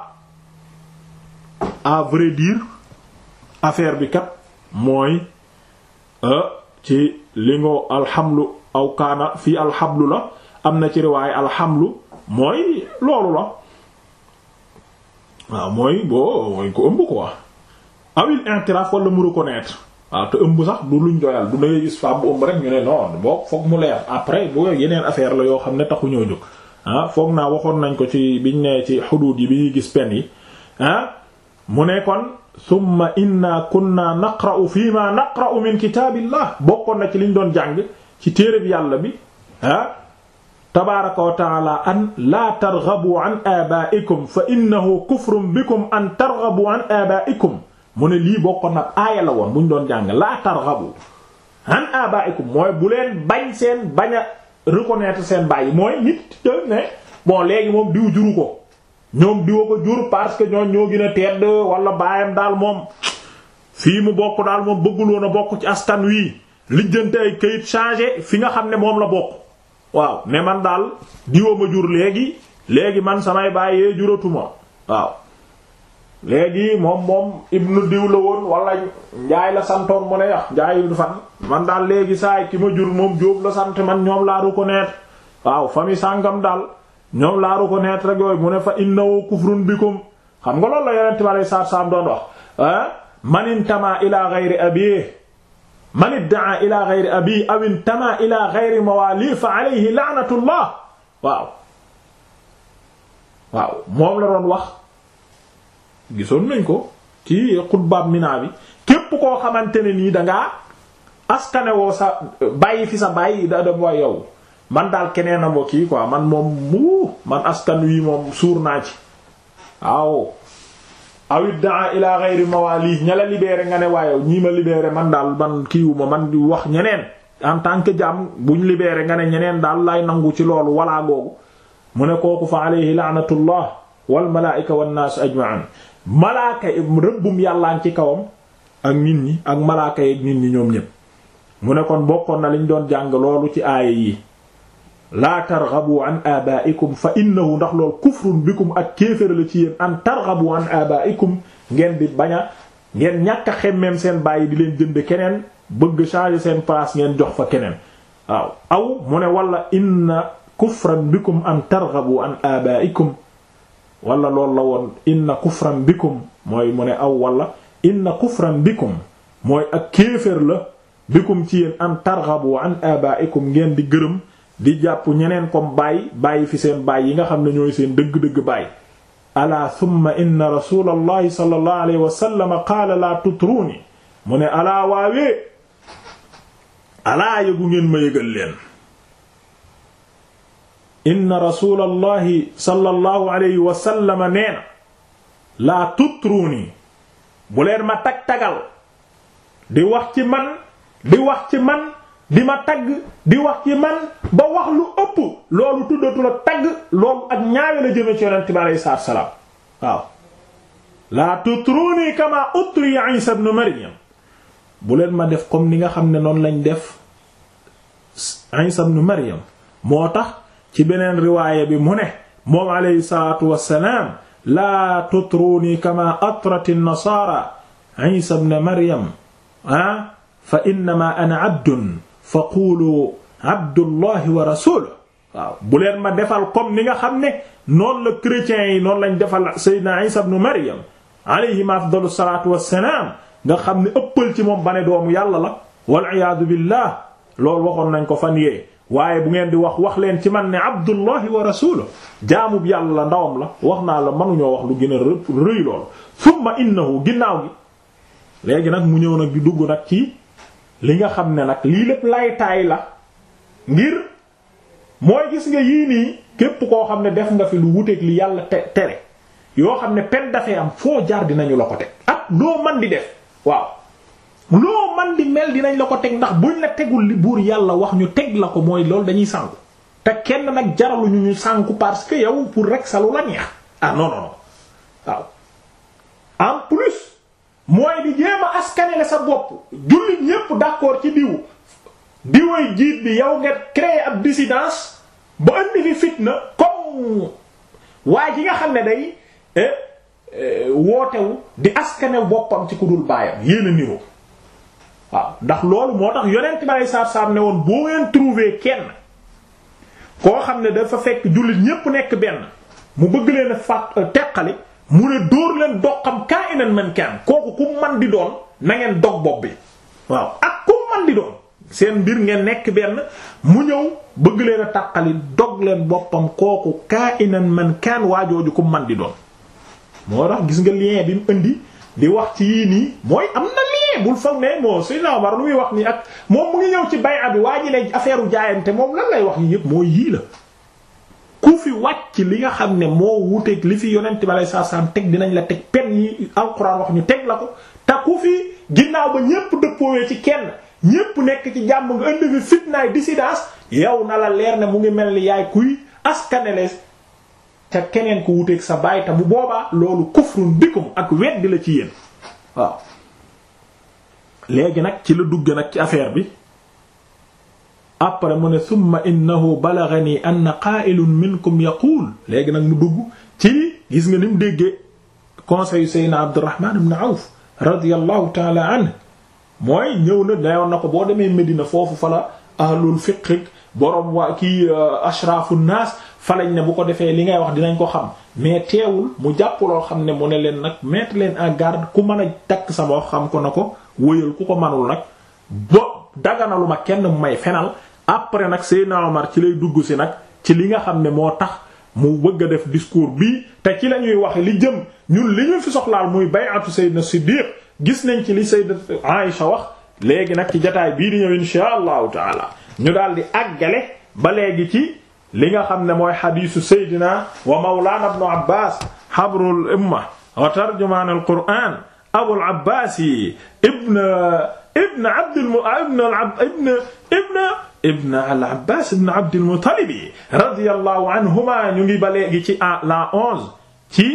à vrai affaire bi kat mooy ci li ngo alxamlu aw kaana fii alxablu la am na ci riwaay alxamlu mooy loolu la waaw mooy boo mooy ko ëmb quoi awil i'tiraf wala mu reconnaître waaw te ëmb sax du luñ doyal du dangay gis femme bu ëmb rek ñu ne non boo foog mu leer après boo yeneen affaire la yoo xam ne taxu ñoo jóg ah foog naa waxoon nañ ko ci biñ ne ci xuduud yi bi ñuy gis pen yi ah mu ne kon summa inna kunna naqra'u fii ma naqra'u min kitaabillah bokkoon na ci liñ doon jàng ci téereb yàlla bi ah tabaaraka wa taala an laa targhabu an aabaa'ikum fa innahu kufrun bikum an targhabu an aabaa'ikum mu ne lii bokkoon nag aaya la woon bu ñu doon jàng laa targhabu an aabaa'ikum mooy bu leen bañ seen bañ a seen bàyyi mooy nit te ne bon moom diw juru ko ñoom diwa ko jur parce que ñoom ñoo gën a tedd wala baayam daal moom fii mu bokk daal moom bëggul woon a bokk ci askan wi lijjante ay kayit changé fi nga xam ne moom la bokk. waaw ne man daal diwa ma jur léegi léegi man samay bàyyee juratuma waaw léegi moom moom ibnu diw la woon wala njaay la santoon mu ne yax ah, njaay fan man daal léegi saay ki ma jur moom jóob la sant man ñoom laaru ko reconnaître waaw fami sàngam daal ñoom laa reconnaître rek yooyu mu ne fa innahu kufrun bikum xam nga lool la yonent bi alei saatu salaam doon wax ah man intama ila ghayri abi man iddaa ila ghayri abi aw intama ila ghayri mawali fa alayhi la'natullah waaw waaw moom la doon wax gisoon nañ ko ci xutbaab Mina bi képp koo xamante ne nii dangaa askanewoo sa bàyyi fi sa bàyyi da yow man daal keneen a kii quoi man moom mu man askan wi moom suur naa ci aw awit daa ila ghayri mawali ña la libéré nga ne waaye ñii ma libéré man daal man ma man di wax ñeneen en tant que jàmm buñ libéré nga ne ñeneen daal lay nangu ci loolu walaa googu mu ne kooku fa alayhi laanatullah wal malaa'ika wan naas ajma'an malaaka rëbbum yàllaan ci kawam ak nit ñi ak malaaka yi nit ñi ñoom ñépp mu ne kon bokkoon na liñ doon jàng loolu ci aaya yi laa targhabu an abaikum fa innahu ndax lool kufrun bikum ak kéefér la ci yéen an targhabu an ngeen di bañ ngeen ñàkk a seen bàyyi di leen jënd keneen bëgg changer seen place ngeen jox fa keneen waaw aw mu ne wala inna kufran bikum an targhabu la woon inna kufran mooy mu ne aw wala inna kufran bikum mooy ak kéefér la bikum ci yéen an targhabu an ngeen di gërëm di jàpp ñeneen comme bàyyi bàyyi fi seen bàyyi yi nga xam ne ñooy seen dëgg-dëgg bàyyi ala thumma inna rasul allahi sallallahu alayhi wa sallam qaala laa tutruuni mu ne alaa waawee alaa yëgu ngeen ma yëgal leen inna rasul allahi sallallahu alayhi wa sallam neena laa tutruuni bu leen ma tag-tagal di wax ci man di wax ci man di ma tagg di wax ci man ba wax lu ëpp loolu tuddatu la tagg loolu ak ñaawe la jëme ci yonent bi alayhi salaatu salaam laa tutruni kama utri Isa ma def comme ni nga xam ne noonu lañ def Isa ibn Maryam moo tax ci beneen riwaaya bi mu ne moom alayhi salaatu wassalaam laa tutruni kama atrati an-nasaara Isa ibn Maryam ah fa ana abdun fa quulu abdullahi wa rasuluhu waaw bu leen ma defal comme ni nga xam ne noon la chrétiens yi noonu lañ defal sayyidina isa ibn maryam alayhim afdalu salatu wassalaam nga xam ni ëppal ci moom bane doomu yàlla la waliyadu billah loolu waxoon nañ ko fan yee waaye bu ngeen di wax wax leen ci man ne abdullahi wa rasuluhu jaamub yàlla la ndawam la wax naa la mënuñoo wax lu gën a rëy loolu summa innahu ginnaaw gi léegi nag mu ñëw nag dugg nag ci li nga xam ne nag lii lépp laytaay la ngir mooy gis nga yii nii képp koo xam ne def nga fi lu wuteeg li yàlla te tere yoo xam ne pen dafee am foo jaar dinañu la ko teg ak loo man di def waaw loo man di mel dinañ la ko teg ndax buñ la tegul li buur yàlla wax ñu teg la ko mooy lool dañuy sànku te kenn nag jaraluñu ñu sànku parce que yow pour rek sa lu la neex ah non non waaw mooy di jéem askanele sa bopp jullit ñépp d'accord ci diw diwoy jiit bi yow nga créer ak dissidence ba indi fi fitna comme waa ji nga xam ne day eh, eh, wootewu di askane boppam ci ku dul baayam yéen a niroo waaw ndax loolu moo tax yonent bi alei satu ne woon boo ngeen trouver kenn koo xam ne dafa fekk jullit ñépp nekk benn mu bëgg leen a teqali mu ne dóor leen doqam kaa inan man kaan kooku ku man di doon nangeen ngeen dog bopp bi waaw ak ku man di doon seen mbir ngeen nekk benn mu ñëw bëgg leen a tàqali dog leen boppam kooku kaa inan man kaan waajooju ku man di doon moo tax gis nga lien bi mu indi di wax ci yii nii mooy am na lien bul foog ne moo Seydina Omar lu muy wax nii ak moom mu ngi ñëw ci bay abi waa ji lay affaire jaayante moom lan lay wax yi yëpp mooy yii la ku fi wàcc li nga xam ne moo wuteeg li fi yonent bi aleyhi salaatu teg dinañ la teg pen yi alxuraan wax ñu teg la ko te ku fi ginnaaw ba ñépp dëppoowee ci kenn ñépp nekk ci jàmm nga indi fi fitnaay dissidence yow na la leer ne mu ngi mel ni yaay kuy askanelees ca keneen ku wuteeg sa baay te bu boobaa loolu kufrun bikum ak weddi la ci yéen waaw léegi nag ci la dugg nag ci affaire bi après mu ne summa innahu balaghani anna qa'ilun minkum yaqul léegi nag mu dugg ci gis nga ni mu déggee conseil Seydina Abdurrahman ibn Awf radiyallahu ta'ala anhu mooy ñëw na dayoon na ko boo demee Medina foofu fala ahlul fiqh borom waa kii uh, ashraafu naas falañ ne bu ko defee li ngay wax dinañ ko xam mais teewul mu jàpp loo xam ne mu ne leen nag mettre leen en garde ku mën a takk sama wax xam ko na ko wóyal ku ko manul nag bo daganalu kenn may fenal après nag Seydina Omar ci lay dugg si nag ci li nga xam ne moo tax mu bëgg a def discours bi te ci la ñuy wax li jëm ñun li ñu fi soxlaal muy bay'atu Seydina Siddiq gis nañ ci li Sayyidatu Aïsha wax léegi nag ci jataay bii di ñëw inshaa allahu taala ñu daal di àggale ba léegi ci li nga xam ne mooy xadiisu Seydina wa mawlaana ibnu Abbaas habrul umma wa tarjumaanul qur'aan abul abbaasi ibn ibn abdul ibn ibn al abbas ibn abdil muttalibi radiyallahu anhuma ñu ngi ba léegi ci la onze ci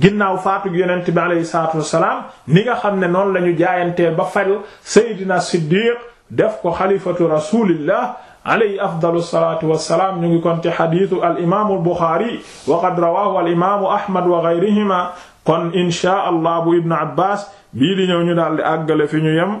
ginnaaw faatug yonent bi aleyhi salatu wassalaam ni nga xam ne noonu la ñu jaayantee ba fal seydina siddiq def ko xalifatu rasulillah alayhi afdalu salatu wassalaam ñu ngi kon ci xadisu al imaamu al buxaari wa qad rawahu al imaamu ahmad wa gayrihima kon inshaa allah bu ibn abbas bii di ñëw ñu daal di àggale fi ñu yem